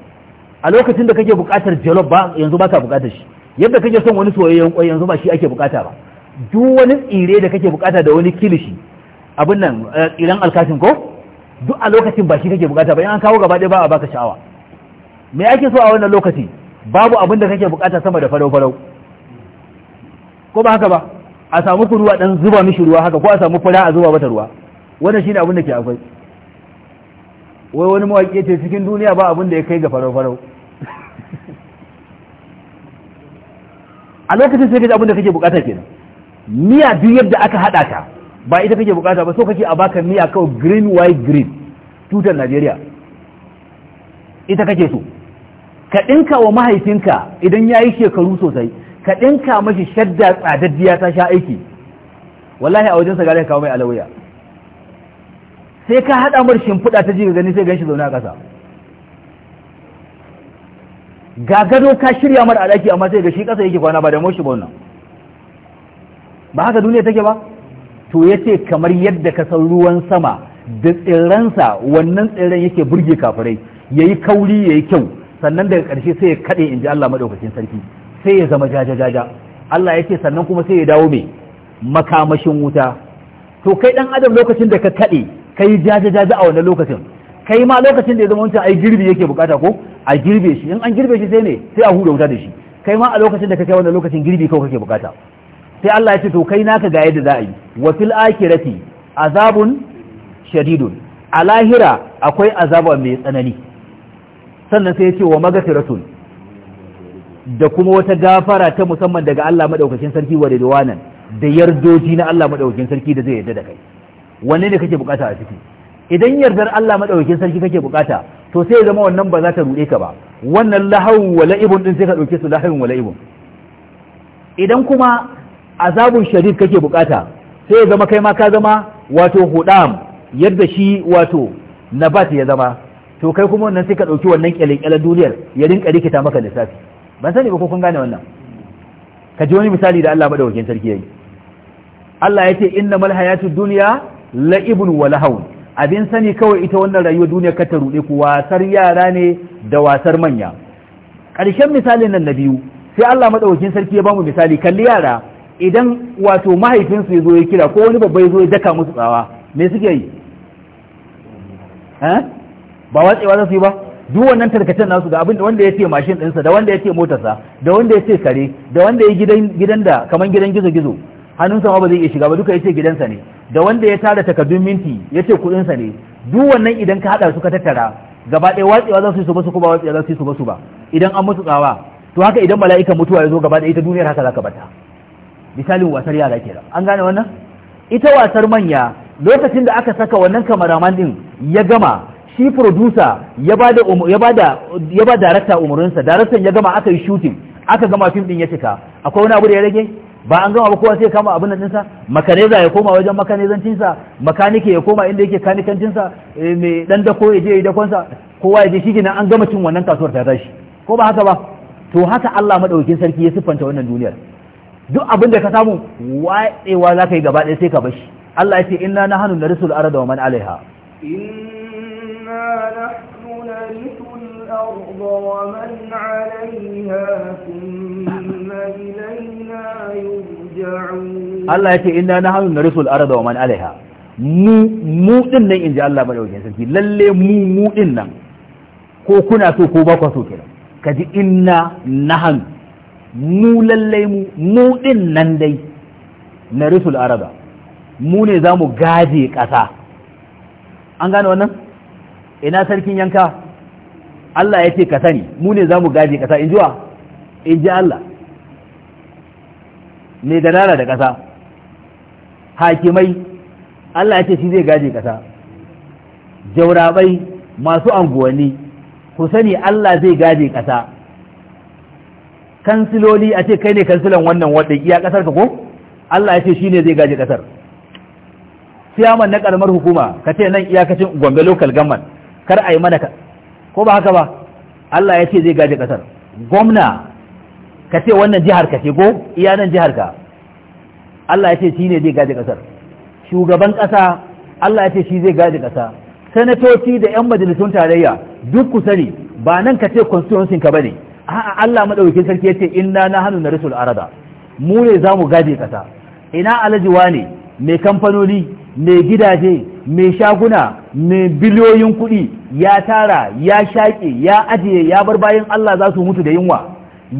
a lokacin da kake buƙatar jalof ba yanzu ba ka buƙatar shi yadda kake son wani soyayyen kwai yanzu ba shi ake buƙata ba duk wani tsire da kake buƙata da wani kilishi abin nan eh, tsiren alkashin ko duk a lokacin ba shi kake buƙata ba in an kawo gaba ɗaya ba a baka sha'awa me ake so a wannan lokaci babu abin da kake buƙata sama da farau farau ko ba haka ba a samu kuruwa dan zuba mishi ruwa haka ko a samu fura a zuba mata ruwa wannan shine abin da ke akwai wai wani mawaƙi ce cikin duniya ba abin da ya kai ga farau-farau a lokacin sai kaji abin da kake bukata kenan miya duk yadda aka haɗa ta ba ita kake bukata ba so kake a baka miya kawai green white green tutar Najeriya ita kake so ka ɗinka wa mahaifinka idan ya yi shekaru sosai ka ɗinka mashi shadda tsadaddiya ta sha aiki wallahi a wajensa gare kawo mai alawiya sai ka haɗa mar shimfiɗa ta ga gani sai gan shi zaune a ƙasa ga gado ka shirya mar a ɗaki amma sai ga shi ƙasa yake kwana ba da moshi ba wannan ba haka duniya take ba to ya ce kamar yadda ka san ruwan sama da tsirransa wannan tsirran yake burge kafirai ya yi kauri ya yi kyau sannan daga ƙarshe sai ya kaɗe in ji Allah maɗaukacin sarki sai ya zama jaja-jaja Allah ya ce sannan kuma sai ya dawo mai makamashin wuta to kai ɗan adam lokacin da ka kaɗe kai jaje jaje a wannan lokacin kai ma lokacin da ya zama wancan ai girbi yake bukata ko a girbe shi in an girbe shi sai ne sai a huda wuta da shi kai ma a lokacin da ka kai wannan lokacin girbi kawai kake bukata sai Allah ya ce to kai naka ga yadda za a yi wa fil akhirati azabun shadidun a lahira akwai azaba mai tsanani sannan sai ya ce wa magfiratun da kuma wata gafara ta musamman daga Allah madaukakin sarki wa da yardoji na Allah madaukakin sarki da zai yarda da kai wanne ne kake bukata a ciki idan yardar Allah madaukakin sarki kake bukata to sai ya zama wannan ba za ta rude ka ba wannan lahawun wa la'ibun din sai ka dauke su lahawun wa la'ibun idan kuma azabun sharif kake bukata sai ya zama kai ma ka zama wato hudam yadda shi wato nabat ya zama to kai kuma wannan sai ka dauki wannan kyalekyalen duniyar ya rinka rikita maka lissafi ban sani ba ko kun gane wannan ka ji wani misali da Allah madaukakin sarki yayi Allah ya ce innamal hayatud dunya la'ibun wa lahawun abin sani kawai ita wannan rayuwa duniya ka ta ruɗe ku wasar yara ne da wasar manya ƙarshen misalin nan na biyu sai Allah madaukakin sarki ya bamu misali kalli yara idan wato mahaifinsu ya zo ya kira ko wani babba ya zo ya daka musu tsawa me suke yi eh? ba watsewa za su yi ba duk wannan tarkacen nasu da abin da wanda ya ce mashin ɗinsa da wanda ya ce motarsa da wanda ya ce kare da wanda ya gidan da kamar gidan gizo-gizo hannunsa ma ba zai iya shiga ba duka yace gidansa ne da wanda ya tara takardun minti ya yace kuɗinsa ne duk wannan idan ka hada su ka tattara gaba ɗaya watsewa za su yi su basu ko ba watsewa za su yi su basu ba idan an mutu tsawa to haka idan mala'ikan mutuwa ya zo gaba ɗaya ita duniyar haka za ka bata misalin wasar yara kenan an gane wannan ita wasar manya lokacin da aka saka wannan kamaraman din ya gama shi producer ya bada ya bada ya ba darakta umurinsa daraktan ya gama aka yi shooting aka gama fim din ya cika akwai wani abu da ya rage ba an gama ba kowa sai kama abin nan dinsa makaneza ya koma wajen makanezancinsa makanike ya koma inda yake kanikancinsa eh, mai dan dako ya je ya dakonsa kowa ya je shi gina an gama cin wannan kasuwar ta tashi ko ba haka ba to haka Allah madaukakin sarki ya siffanta wannan duniyar duk abin da ka samu watsewa za ka yi gaba ɗaya sai ka bashi Allah ya ce inna nahnu narisul arda wa man alaiha inna nahnu narisul الأرض ومن عليها ثم إلينا يرجعون الله يتي إنا نحن نرث الأرض ومن عليها mu mu din nan inji Allah wajen sarki lalle mu mu din nan ko kuna so ko ba ku so kira kaji inna nahan mu lalle mu mu din nan dai na rusul araba mu ne za mu gaje ƙasa an gane wannan ina sarkin yanka Allah ya ce ka sani mu ne za mu gaji ƙasa in jiwa in ji Allah da gadara da ƙasa hakimai Allah ya ce shi zai gaji ƙasa jaurabai masu anguwanni ku sani Allah zai gaji ƙasa kansiloli a ce kai ne kansilan wannan wadda iya ƙasar ka ko Allah ya ce shi ne zai gaji ƙasar siyaman na ƙaramar hukuma ka ce nan iyakacin gombe local government kar a yi mana ko ba haka ba Allah ya ce zai gaje kasar gwamna ka ce wannan jihar ka ce go iya nan jihar ka Allah ya ce shi ne zai gaje kasar shugaban kasa Allah ya ce shi zai gaje kasa sanatoci da yan majalisun tarayya duk ku sani ba nan ka ce constituency ka bane a'a Allah madaukakin sarki ya ce inna nahnu narisul arada mu ne zamu gaje kasa ina alajiwa ne mai kamfanoni mai gidaje mai shaguna mai biliyoyin kuɗi ya tara ya shaƙe ya ajiye ya bar bayan Allah za su mutu da yunwa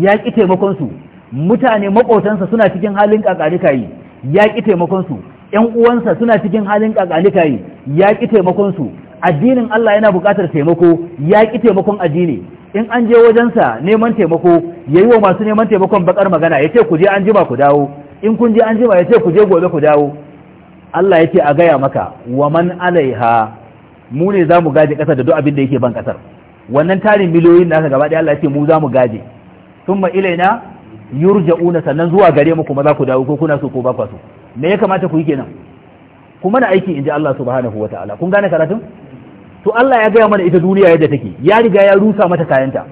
ya ƙi taimakonsu mutane maƙotansa suna cikin halin yi. ya ƙi taimakonsu Ƴan uwansa suna cikin halin yi. ya ƙi taimakonsu addinin Allah yana buƙatar taimako ya ƙi taimakon addini in an je wajensa neman taimako ya yi wa masu neman taimakon baƙar magana ya ce ku je an jima ku dawo in kun je an jima ya ce ku je gobe ku dawo Allah ya ce a gaya maka wa man alaiha mu ne za mu gaje ƙasar da duk abin da yake ban ƙasar wannan tarin miliyoyin na aka gaba ɗaya Allah ce mu za mu gaje thumma ilaina una, sannan zuwa gare mu kuma za ku dawo ko kuna so ko ba ku so me ya kamata ku yi kenan kuma na aiki ji Allah subhanahu wataala kun gane karatun to Allah ya gaya mana ita duniya yadda take ya riga ya rusa mata kayanta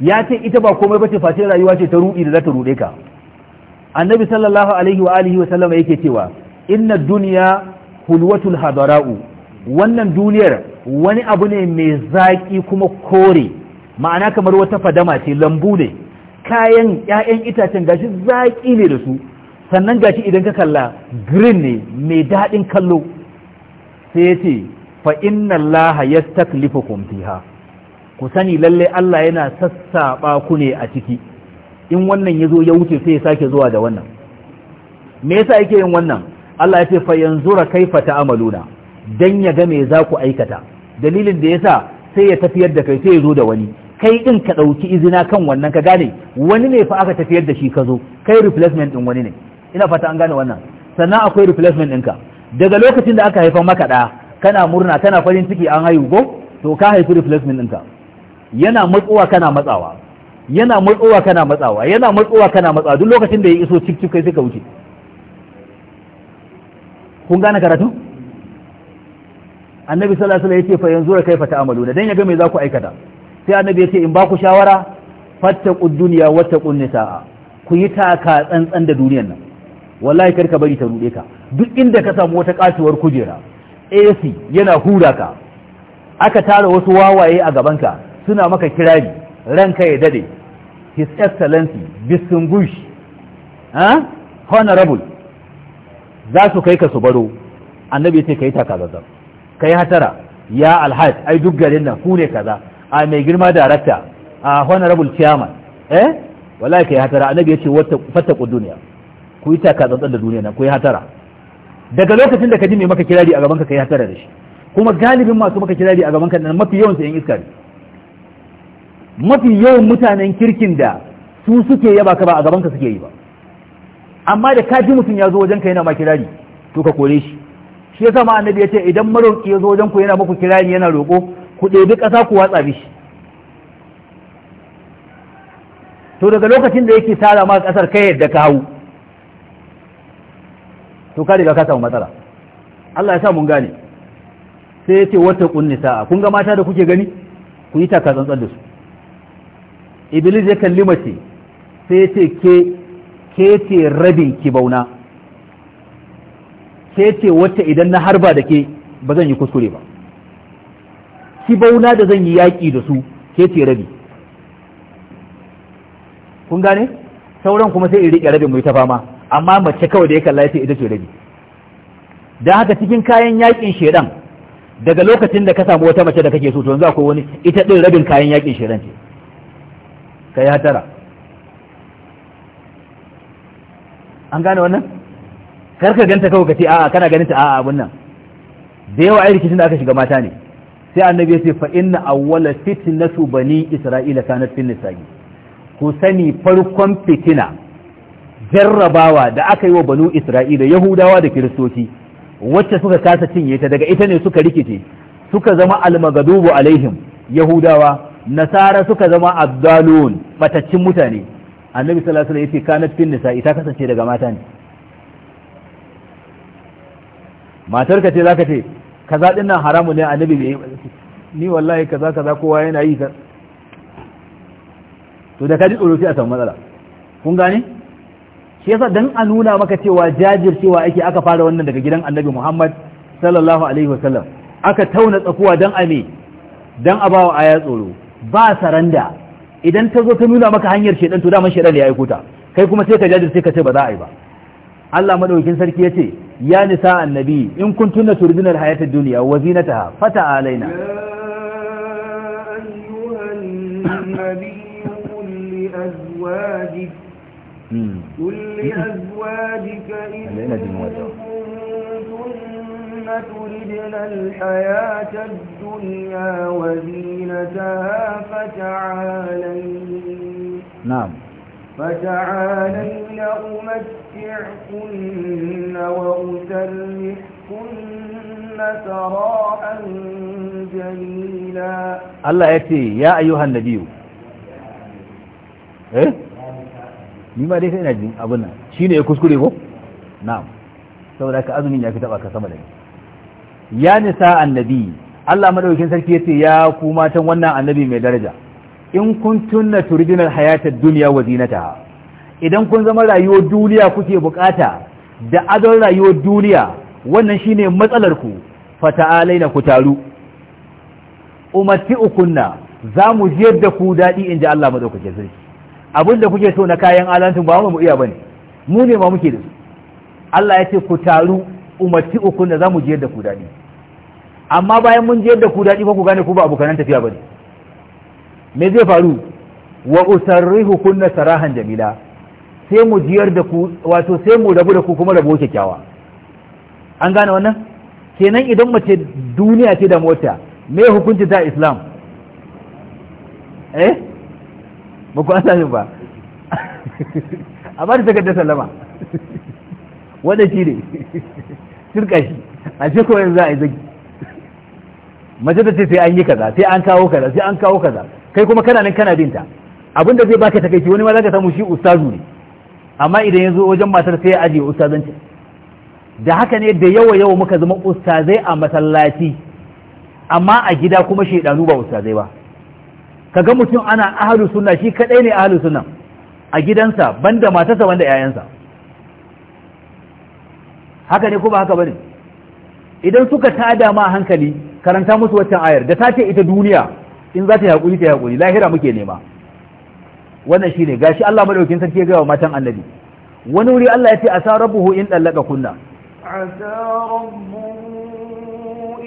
ya ce ita ba komai ba ce face rayuwa ce ta ruɗi da za ta ruɗe ka annabi sallallahu alaihi wa alihi wa sallama yake cewa inna duniya hulwatul hadara'u wannan duniyar wani abu ne mai zaƙi kuma kore ma'ana kamar wata fadama ce lambu ne kayan 'ya'yan itacen gashi zaƙi ne da su sannan gashi idan ka kalla green ne mai daɗin kallo sai ya ce fa inna Allah ya taklifukum fiha ku sani lalle Allah yana sassaɓa ku ne a ciki in wannan ya zo ya wuce sai ya sake zuwa da wannan me yasa yake yin wannan Allah ya ce fa ra kaifa amaluna, dan ya ga me za ku aikata dalilin da ya sa, sai ya tafiyar da kai sai ya zo da wani kai din ka ɗauki izina kan wannan ka gane wani ne fa aka tafiyar da shi ka zo kai replacement din wani ne ina fata an gane wannan sannan akwai replacement ɗinka daga lokacin da aka haifa maka ɗaya kana murna kana farin ciki an haihu ko to ka haifi replacement ɗinka yana matsowa kana matsawa yana matsowa kana matsawa yana matsowa kana matsawa duk lokacin da ya iso cikin kai kai ka wuce kun gane karatu annabi sallallahu alaihi wasallam yace fa yanzu kai fa ta'amalu dan yaga me za ku aikata sai annabi yace in ba ku shawara fattaqu dunya wattaqun nisaa ku yi taka tsantsan da duniyar nan wallahi karka bari ta rude ka duk inda ka samu wata katuwar kujera AC yana hura ka aka tara wasu wawaye a gaban ka suna maka kirari ranka ya dade his excellency distinguished ha ah, honorable za su kai ka su baro annabi ce ka yi zaza ka yi hatara ya alhaj ai duk garin nan ku ne kaza a mai girma da rakta. a honorable chairman eh wallahi ka yi hatara annabi ya ce ku duniya ku yi zaza da duniya nan ku yi hatara daga lokacin da ka ji mai maka kirari a gaban ka ka yi hatara da shi kuma galibin masu maka kirari a gaban ka nan mafi yawan su yan iska ne mafi yawan mutanen kirkin da su suke yaba ka ba a gaban ka suke yi ba amma da ka ji mutum ya zo wajen ka yana ma kirari to ka kore shi shi yasa ma annabi ya ce idan maroƙi ya zo wajen ku yana muku kirari yana roƙo ku ɗebi ƙasa ku watsa mishi to daga lokacin da yake tara ma ƙasar kai yadda ka hau to ka riga ka samu matsala Allah ya sa mun gane sai ya ce wata kunni sa'a kun ga mata da kuke gani ku yi taka tsantsan da su iblis ya kalli mace sai ya ce ke ke ce rabin ki bauna ke ce wacce idan na harba da ke ba zan yi kuskure ba ki bauna da zan yi yaƙi da su ke ce rabi kun gane sauran kuma sai in riƙe rabin mai ta fama amma mace kawai da ya kalla sai ita ce rabi da haka cikin kayan yaƙin shedan daga lokacin da ka samu wata mace da kake so to yanzu akwai wani ita ɗin rabin kayan yaƙin shedan ce ka yi hatara an gane wannan kar ka ganta kawai ka ce a'a kana ganin ta a'a abun da yawa ai rikicin da aka shiga mata ne sai annabi ya ce fa inna awwala fitnatu bani isra'ila kanat fil nisa'i ku sani farkon fitina jarrabawa da aka yi wa banu isra'ila yahudawa da kiristoci wacce suka kasa cinye ta daga ita ne suka rikice suka zama almagadubu alaihim yahudawa nasara suka zama abdalun batacin mutane annabi sallallahu alaihi wasallam yace kanat fil nisa ita kasance daga mata ne matar ka ce ka ce kaza din nan haramu ne annabi bai ni wallahi kaza kaza kowa yana yi ka to da ka ji tsoro sai a samu matsala kun gane shi yasa dan a nuna maka cewa jajircewa ake aka fara wannan daga gidan annabi Muhammad sallallahu alaihi wasallam aka tauna tsakuwa dan me dan a bawa aya tsoro ba saranda idan ta zo ta nuna maka hanyar shedan to daman shedan ya aiko ta kai kuma sai ka jajirce ka ce ba za a yi ba Allah madaukakin sarki ya ce ya nisa annabi in kuntunna turidina alhayata ad duniya wa zinataha fata alaina قل لأزواجك إن تردن الحياة الدنيا وزينتها فتعالين نعم فتعالين أمتعكن وأسرحكن سراحا جميلا الله يأتي يا أيها النبي eh ni ma dai sai ina jin abin nan shine ya kuskure ko na'am saboda ka azumin ya fi taba ka sama da ni ya nisa annabi Allah madaukakin sarki yace ya ku matan wannan annabi mai daraja in kun turidinal hayatad dunya wa zinataha idan kun zama rayuwar duniya kuke bukata da adon rayuwar duniya wannan shine matsalar ku fata'alaina ku taru umatti'ukunna za mu jiyar da ku daɗi in Allah madaukakin sarki abin da kuke so na kayan alantun ba mu iya bane mu ne ma muke da su Allah ya ce ku taru umarci uku za mu jiyar da ku daɗi amma bayan mun je da ku daɗi fa ku gane ku ba abokanan tafiya ba ne. me zai faru wa usarrihu kunna sarahan jamila sai mu jiyar da ku wato sai mu rabu da ku kuma rabu kyakkyawa an gane wannan kenan idan mace duniya ce da mota me hukunci ta islam eh ba ku an ba amma da takardar sallama wanda shi ne shirka shi a cikin ko yanzu za a yi zagi mace ta ce sai an yi kaza sai an kawo kaza sai an kawo kaza kai kuma kana nan kana binta abin da zai baka takaici wani ma zaka samu shi ustazu ne amma idan yanzu wajen matar sai ya ajiye ustazanci da haka ne da yawa yawa muka zama ustazai a masallaci amma a gida kuma shaidanu ba ustazai ba kaga mutum ana ahlus sunna shi kadai ne ahlus sunna a gidansa banda matarsa banda yayansa haka ne ko ba haka bane idan suka tada ma hankali karanta musu waccan ayar da ta ce ita duniya in za ta haƙuri ta haƙuri lahira muke nema wannan shine gashi Allah madaukakin sarki ya gaya matan annabi wani wuri Allah ya ce asa rabbuhu in dallaka kunna asa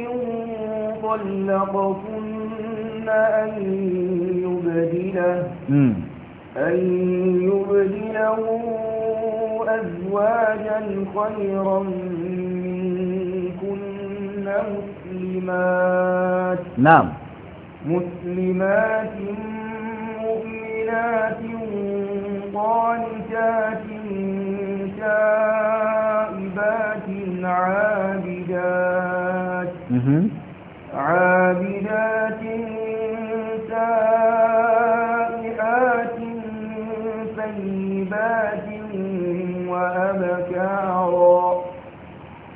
in dallaka kunna أن يبدله أزواجا خيرا مسلمات نعم مسلمات مؤمنات قانتات تائبات عابدات عابدات تائهات سيبات وأبكارا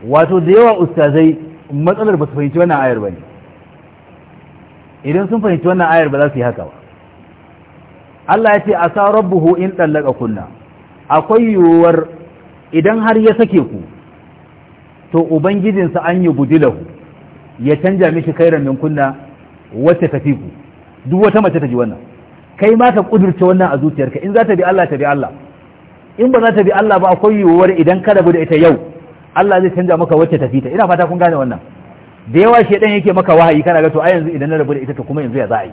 وتدير أستاذي matsalar ba su fahimci wannan ayar ba ne idan sun fahimci wannan ayar ba za su yi haka ba Allah ya ce a sa rabbuhu in ɗallaka kunna akwai yiwuwar idan har ya sake ku to ubangijinsa an yi budilahu ya canja mishi kairan min kunna wacce ta fi ku duk wata mace ta ji wannan kai ma ka kudurce wannan a zuciyarka in za ta bi Allah ta bi Allah in ba za ta bi Allah ba akwai yiwuwar idan ka rabu da ita yau Allah zai canza maka wacce tafita. fita ina fata kun gane wannan da yawa shedan yake maka wahayi kana ga to a yanzu idan na rabu da ita to kuma yanzu ya za a yi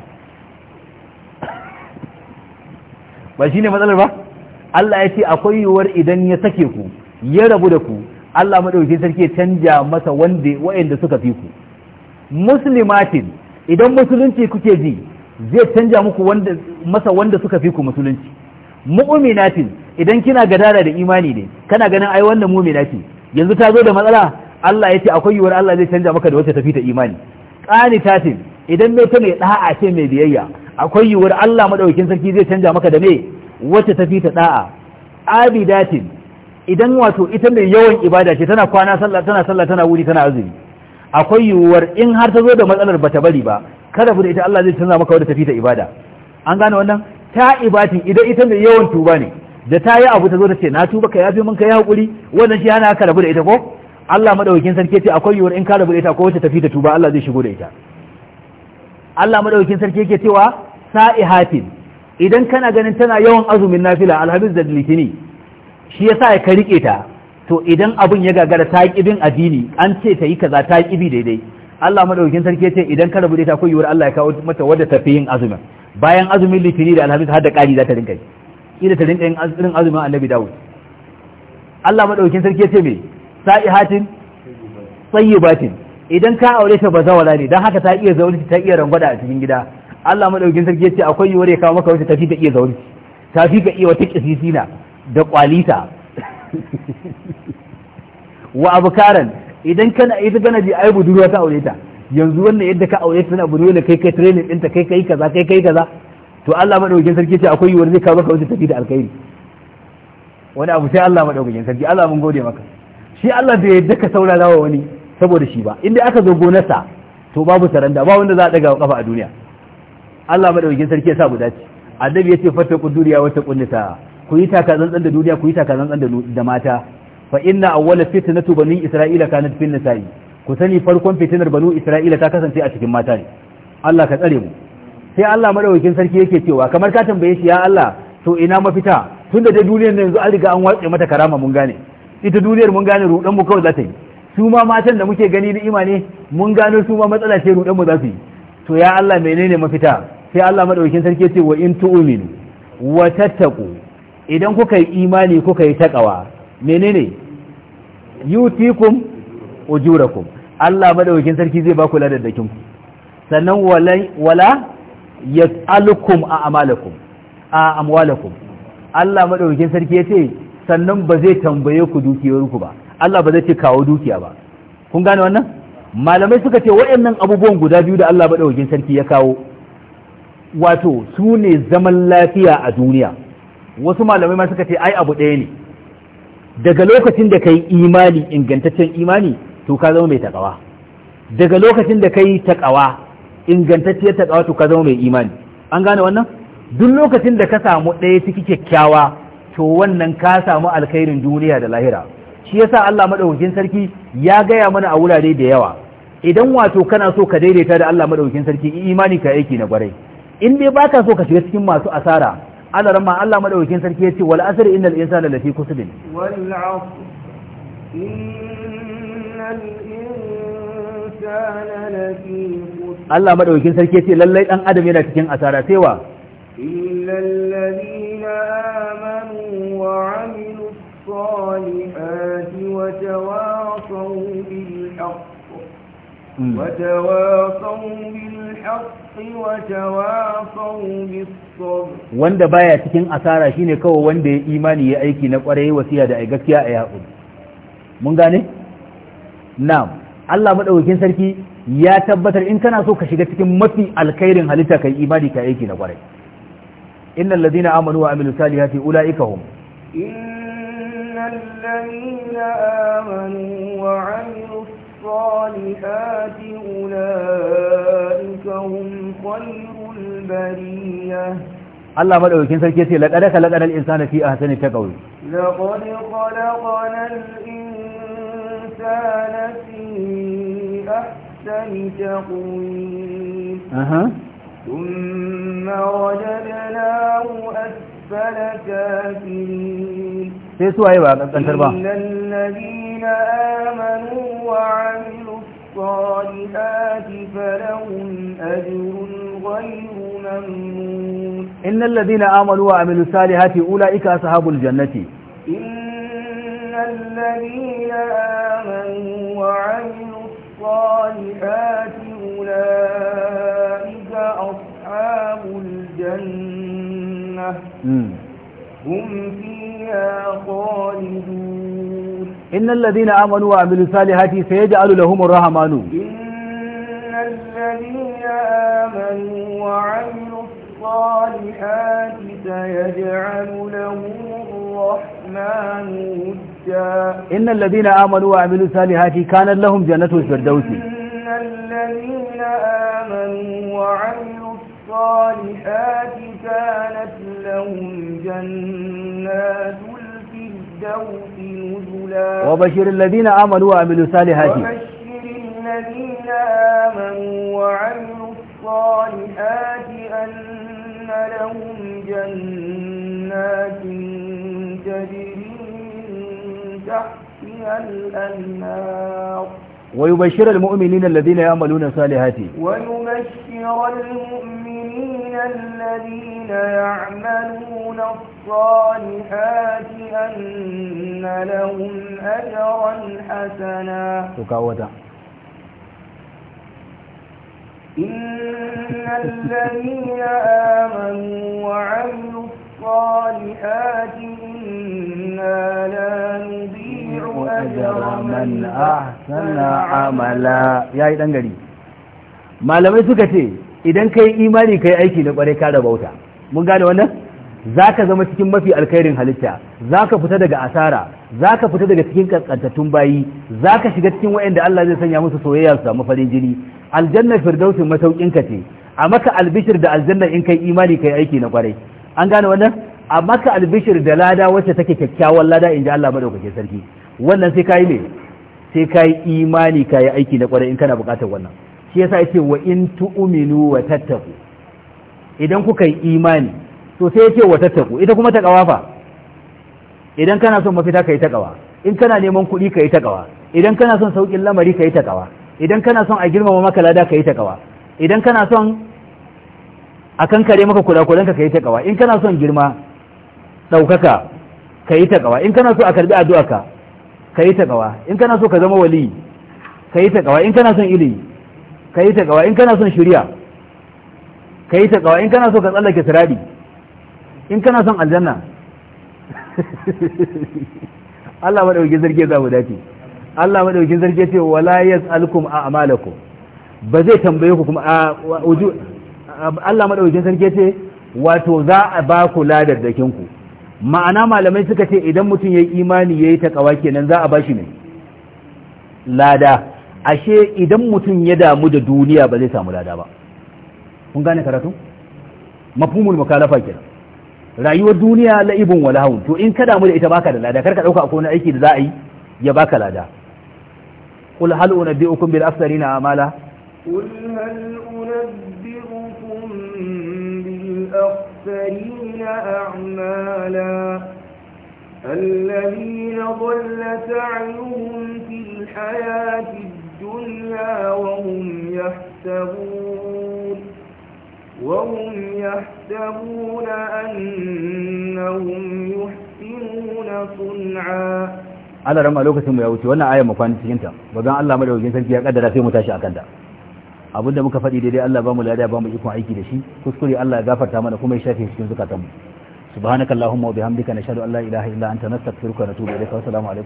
ba shine matsalar ba Allah ya ce akwai yiwuwar idan ya sake ku ya rabu da ku Allah madauki sarki ya canja masa wanda suka fi ku muslimatin idan musulunci kuke ji zai canja muku wanda masa wanda suka fi ku musulunci mu'minatin idan kina gadara da imani ne kana ganin ai wannan mu'mina yanzu ta zo da matsala Allah ya ce akwai yiwuwar Allah zai canja maka da wacce tafi ta imani ƙani tatin idan mai ta mai da'a ce mai biyayya akwai yiwuwar Allah madaukakin sarki zai canja maka da me wacce tafi ta da'a abidatin idan wato ita mai yawan ibada ce tana kwana sallah tana sallah tana wuri tana azumi akwai yiwuwar in har ta zo da matsalar bata bari ba kada da ita Allah zai canza maka wata tafi ta ibada an gane wannan ta ibatin idan ita mai yawan tuba ne da ta yi abu ta zo ta ce na tuba ka yafi min ka yi hakuri wannan shi yana ka rabu da ita ko Allah madaukakin sarki ce akwai yiwuwar in ka rabu da ita ko wacce tafi ta tuba Allah zai shigo da ita Allah madaukakin sarki yake cewa sa'ihatin idan kana ganin tana yawan azumin nafila alhamis da litini shi yasa ya ka rike ta to idan abun ya gagara ta ki bin addini an ce ta yi kaza ta ki bi daidai Allah madaukakin sarki ce idan ka rabu da ita ko yiwuwar Allah ya kawo mata wadda tafi yin azumin bayan azumin litini da alhamis har da kari za ta rinka Ina ta rinka yin irin azumin annabi dawud Allah madaukin sarki ya ce me sa'ihatin tayyibatin idan ka aure ta bazawala ne dan haka ta iya zaune ta iya rangwada a cikin gida Allah madaukin sarki ya ce akwai yiwuwar ya kawo maka wata tafi ka iya zauri tafi ka iya wata kisisina da kwalita [laughs] wa abkaran idan kana idan kana ji ai budurwa ta aure ta yanzu wannan yadda ka aure ta na budurwa kai kai training ɗinta kai kai kaza kai kai kaza to Allah madaukakin sarki ce akwai wani zai kawo maka wata tafi da alkhairi wani abu sai Allah madaukakin sarki Allah mun gode maka shi Allah bai yadda ka saurara wa wani saboda shi ba inda aka zo gonarsa to babu saranda ba wanda za a daga kafa a duniya Allah madaukakin sarki ya sa mu dace annabi yace fatta duniya wata kunnita ku yi taka zantsan da duniya ku yi taka zantsan da mata fa inna awwala fitnatu bani isra'ila kanat fin nisa'i ku sani farkon fitinar banu isra'ila ta kasance a cikin mata ne Allah ka tsare mu sai Allah madaukakin sarki yake cewa kamar ka tambaye shi ya Allah to ina mafita tunda da duniyar ne yanzu an riga an watse mata karama mun gane ita duniyar mun gane rudan mu kawai za ta yi su ma matan da muke gani ni imani mun gano su ma matsala ce rudan mu za su yi to ya Allah menene mafita sai Allah madaukakin sarki yake wa in tu'minu wa tattaqu idan kuka yi imani kuka yi takawa menene yutikum ujurakum Allah madaukakin sarki zai ba ku ladaddakin ku sannan wala yas'alukum a amalakum a amwalakum Allah madaukakin sarki yace sannan ba zai tambaye ku dukiyar ku ba Allah ba zai ce kawo dukiya ba kun gane wannan malamai suka ce waɗannan abubuwan guda biyu da Allah madaukakin sarki ya kawo wato su ne zaman lafiya a duniya wasu malamai ma suka ce ai abu ɗaya ne daga lokacin da kai imani ingantaccen imani to ka zama mai takawa daga lokacin da kai takawa ingantacciyar takawa to ka zama mai imani an gane wannan duk lokacin da ka samu ɗaya ciki kyakkyawa to wannan ka samu alkhairin duniya da lahira shi yasa Allah madaukakin sarki ya gaya mana a wurare da yawa idan wato kana so ka daidaita da Allah madaukakin sarki imani ka aiki na gwarai in dai baka so ka shiga cikin masu asara Allah ma Allah madaukakin sarki ya wal asr innal insana lafi khusrin wal innal insana lafi Allah maɗaukin sarki ce lallai dan adam yana cikin asara sai wa na ladina amanu wa amilus salihati wa bil haqq hmm. wanda baya cikin asara shine kawai wanda ya imani ya aiki na kwarai wasiya da ai gaskiya a yaƙuri mun gane na'am Allah maɗaukin sarki ya tabbatar in kana so ka shiga cikin mafi alkhairin halitta kai imani ka aiki na kwarai innal ladina amanu wa amilus salihati ulaika hum innal ladina amanu wa amilus salihati ulaika hum khairul bariyah Allah madaukakin sarki yace laqad khalaqal insana fi ahsani taqwi laqad khalaqal insana fi ahsani أحسن أها ثم وجدناه أسفل كافرين في إلا أيوة، الذين آمنوا وعملوا الصالحات فلهم أجر غير ممنون إن الذين آمنوا وعملوا الصالحات أولئك أصحاب الجنة إن الذين آمنوا وعملوا الصالحات أولئك أصحاب الجنة هم فيها خالدون إن الذين آمنوا وعملوا الصالحات سيجعل لهم الرحمن إن الذين آمنوا وعملوا الصالحات سيجعل له الرحمن ودا إن الذين آمنوا وعملوا الصالحات كان لهم جنة الفردوس إن الذين آمنوا وعملوا الصالحات كانت لهم جنات الفردوس نزلا وبشر الذين آمنوا وعملوا الصالحات وبشر الذين آمنوا وعملوا الصالحات أن لهم جنات تجري تحتها الأنهار ويبشر المؤمنين الذين يعملون الصالحات ويبشر المؤمنين الذين يعملون الصالحات أن لهم أجرا حسنا إن الذين آمنوا وعملوا الصالحات إنا لا نضيع أجر من أحسن عملا يا إيدان غري malamai suka ce idan kai imani kai aiki na kwarai ka bauta, mun gane wannan zaka zama cikin mafi alkhairin halitta zaka fita daga asara za ka fita daga cikin kankantattun bayi za ka shiga cikin wa'anda Allah zai sanya musu soyayya su samu farin jini aljanna firdausi ka ce a maka albishir da aljanna in kai imani kai aiki na kwarai an gane wannan a maka albishir da lada wacce take kyakkyawan lada in ji Allah madaukakin sarki wannan sai kayi ne sai kayi imani kai aiki na kwarai in kana buƙatar wannan shi yasa yace wa in tu'minu wa tattaqu idan kuka yi imani to sai yace wa tattaqu ita kuma ta kawafa idan kana son mafita ka yi ta taƙawa in kana neman kuɗi ka yi ta taƙawa idan kana son sauƙin lamari ka yi ta taƙawa idan kana son a girmama maka lada ka yi ta taƙawa idan kana son a kankare maka kulakulanka ka yi ta taƙawa in kana son girma ɗaukaka ka yi ta taƙawa in kana so a karɓi addu'a ka ka yi ta taƙawa in kana so ka zama wali ka yi ta taƙawa in kana son ilimi ka yi ta taƙawa in kana son shirya ka yi ta taƙawa in kana so ka tsallake sirari in kana son aljanna [laughs] Allah madaukakin zarge za mu dace Allah madaukakin zarge ce wala yas'alukum a'malakum ba zai tambaye ku kuma Allah madaukakin zarge ce wato za a ba ku ladar dakin ku ma'ana malamai suka ce idan mutum yayi imani yayi takawa kenan za a bashi ne lada ashe idan mutum ya damu da duniya ba zai samu lada ba kun gane karatu mafhumul mukalafa kenan rayuwar duniya la'ibun wala haun to in ka damu da ita baka da lada karka dauka akwai wani aiki da za a yi ya baka lada qul hal unabbi'ukum bil aktharina amala qul hal unabbi'ukum bil aktharina a'mala الذين ضل سعيهم في الحياة الدنيا وهم يحسبون وهم يحسبون أنهم يحسنون صنعا Allah rama lokacin mu ya wuce wannan ayar mu kwana cikin ta bazan Allah madaukakin sarki ya kaddara sai mu tashi akan ta abinda muka faɗi daidai Allah ba mu lada ba mu ikon aiki da shi kuskure Allah ya gafarta mana kuma ya shafe cikin zukatan mu subhanakallahumma wa bihamdika nashhadu an la ilaha illa anta nastaghfiruka wa natubu ilayka assalamu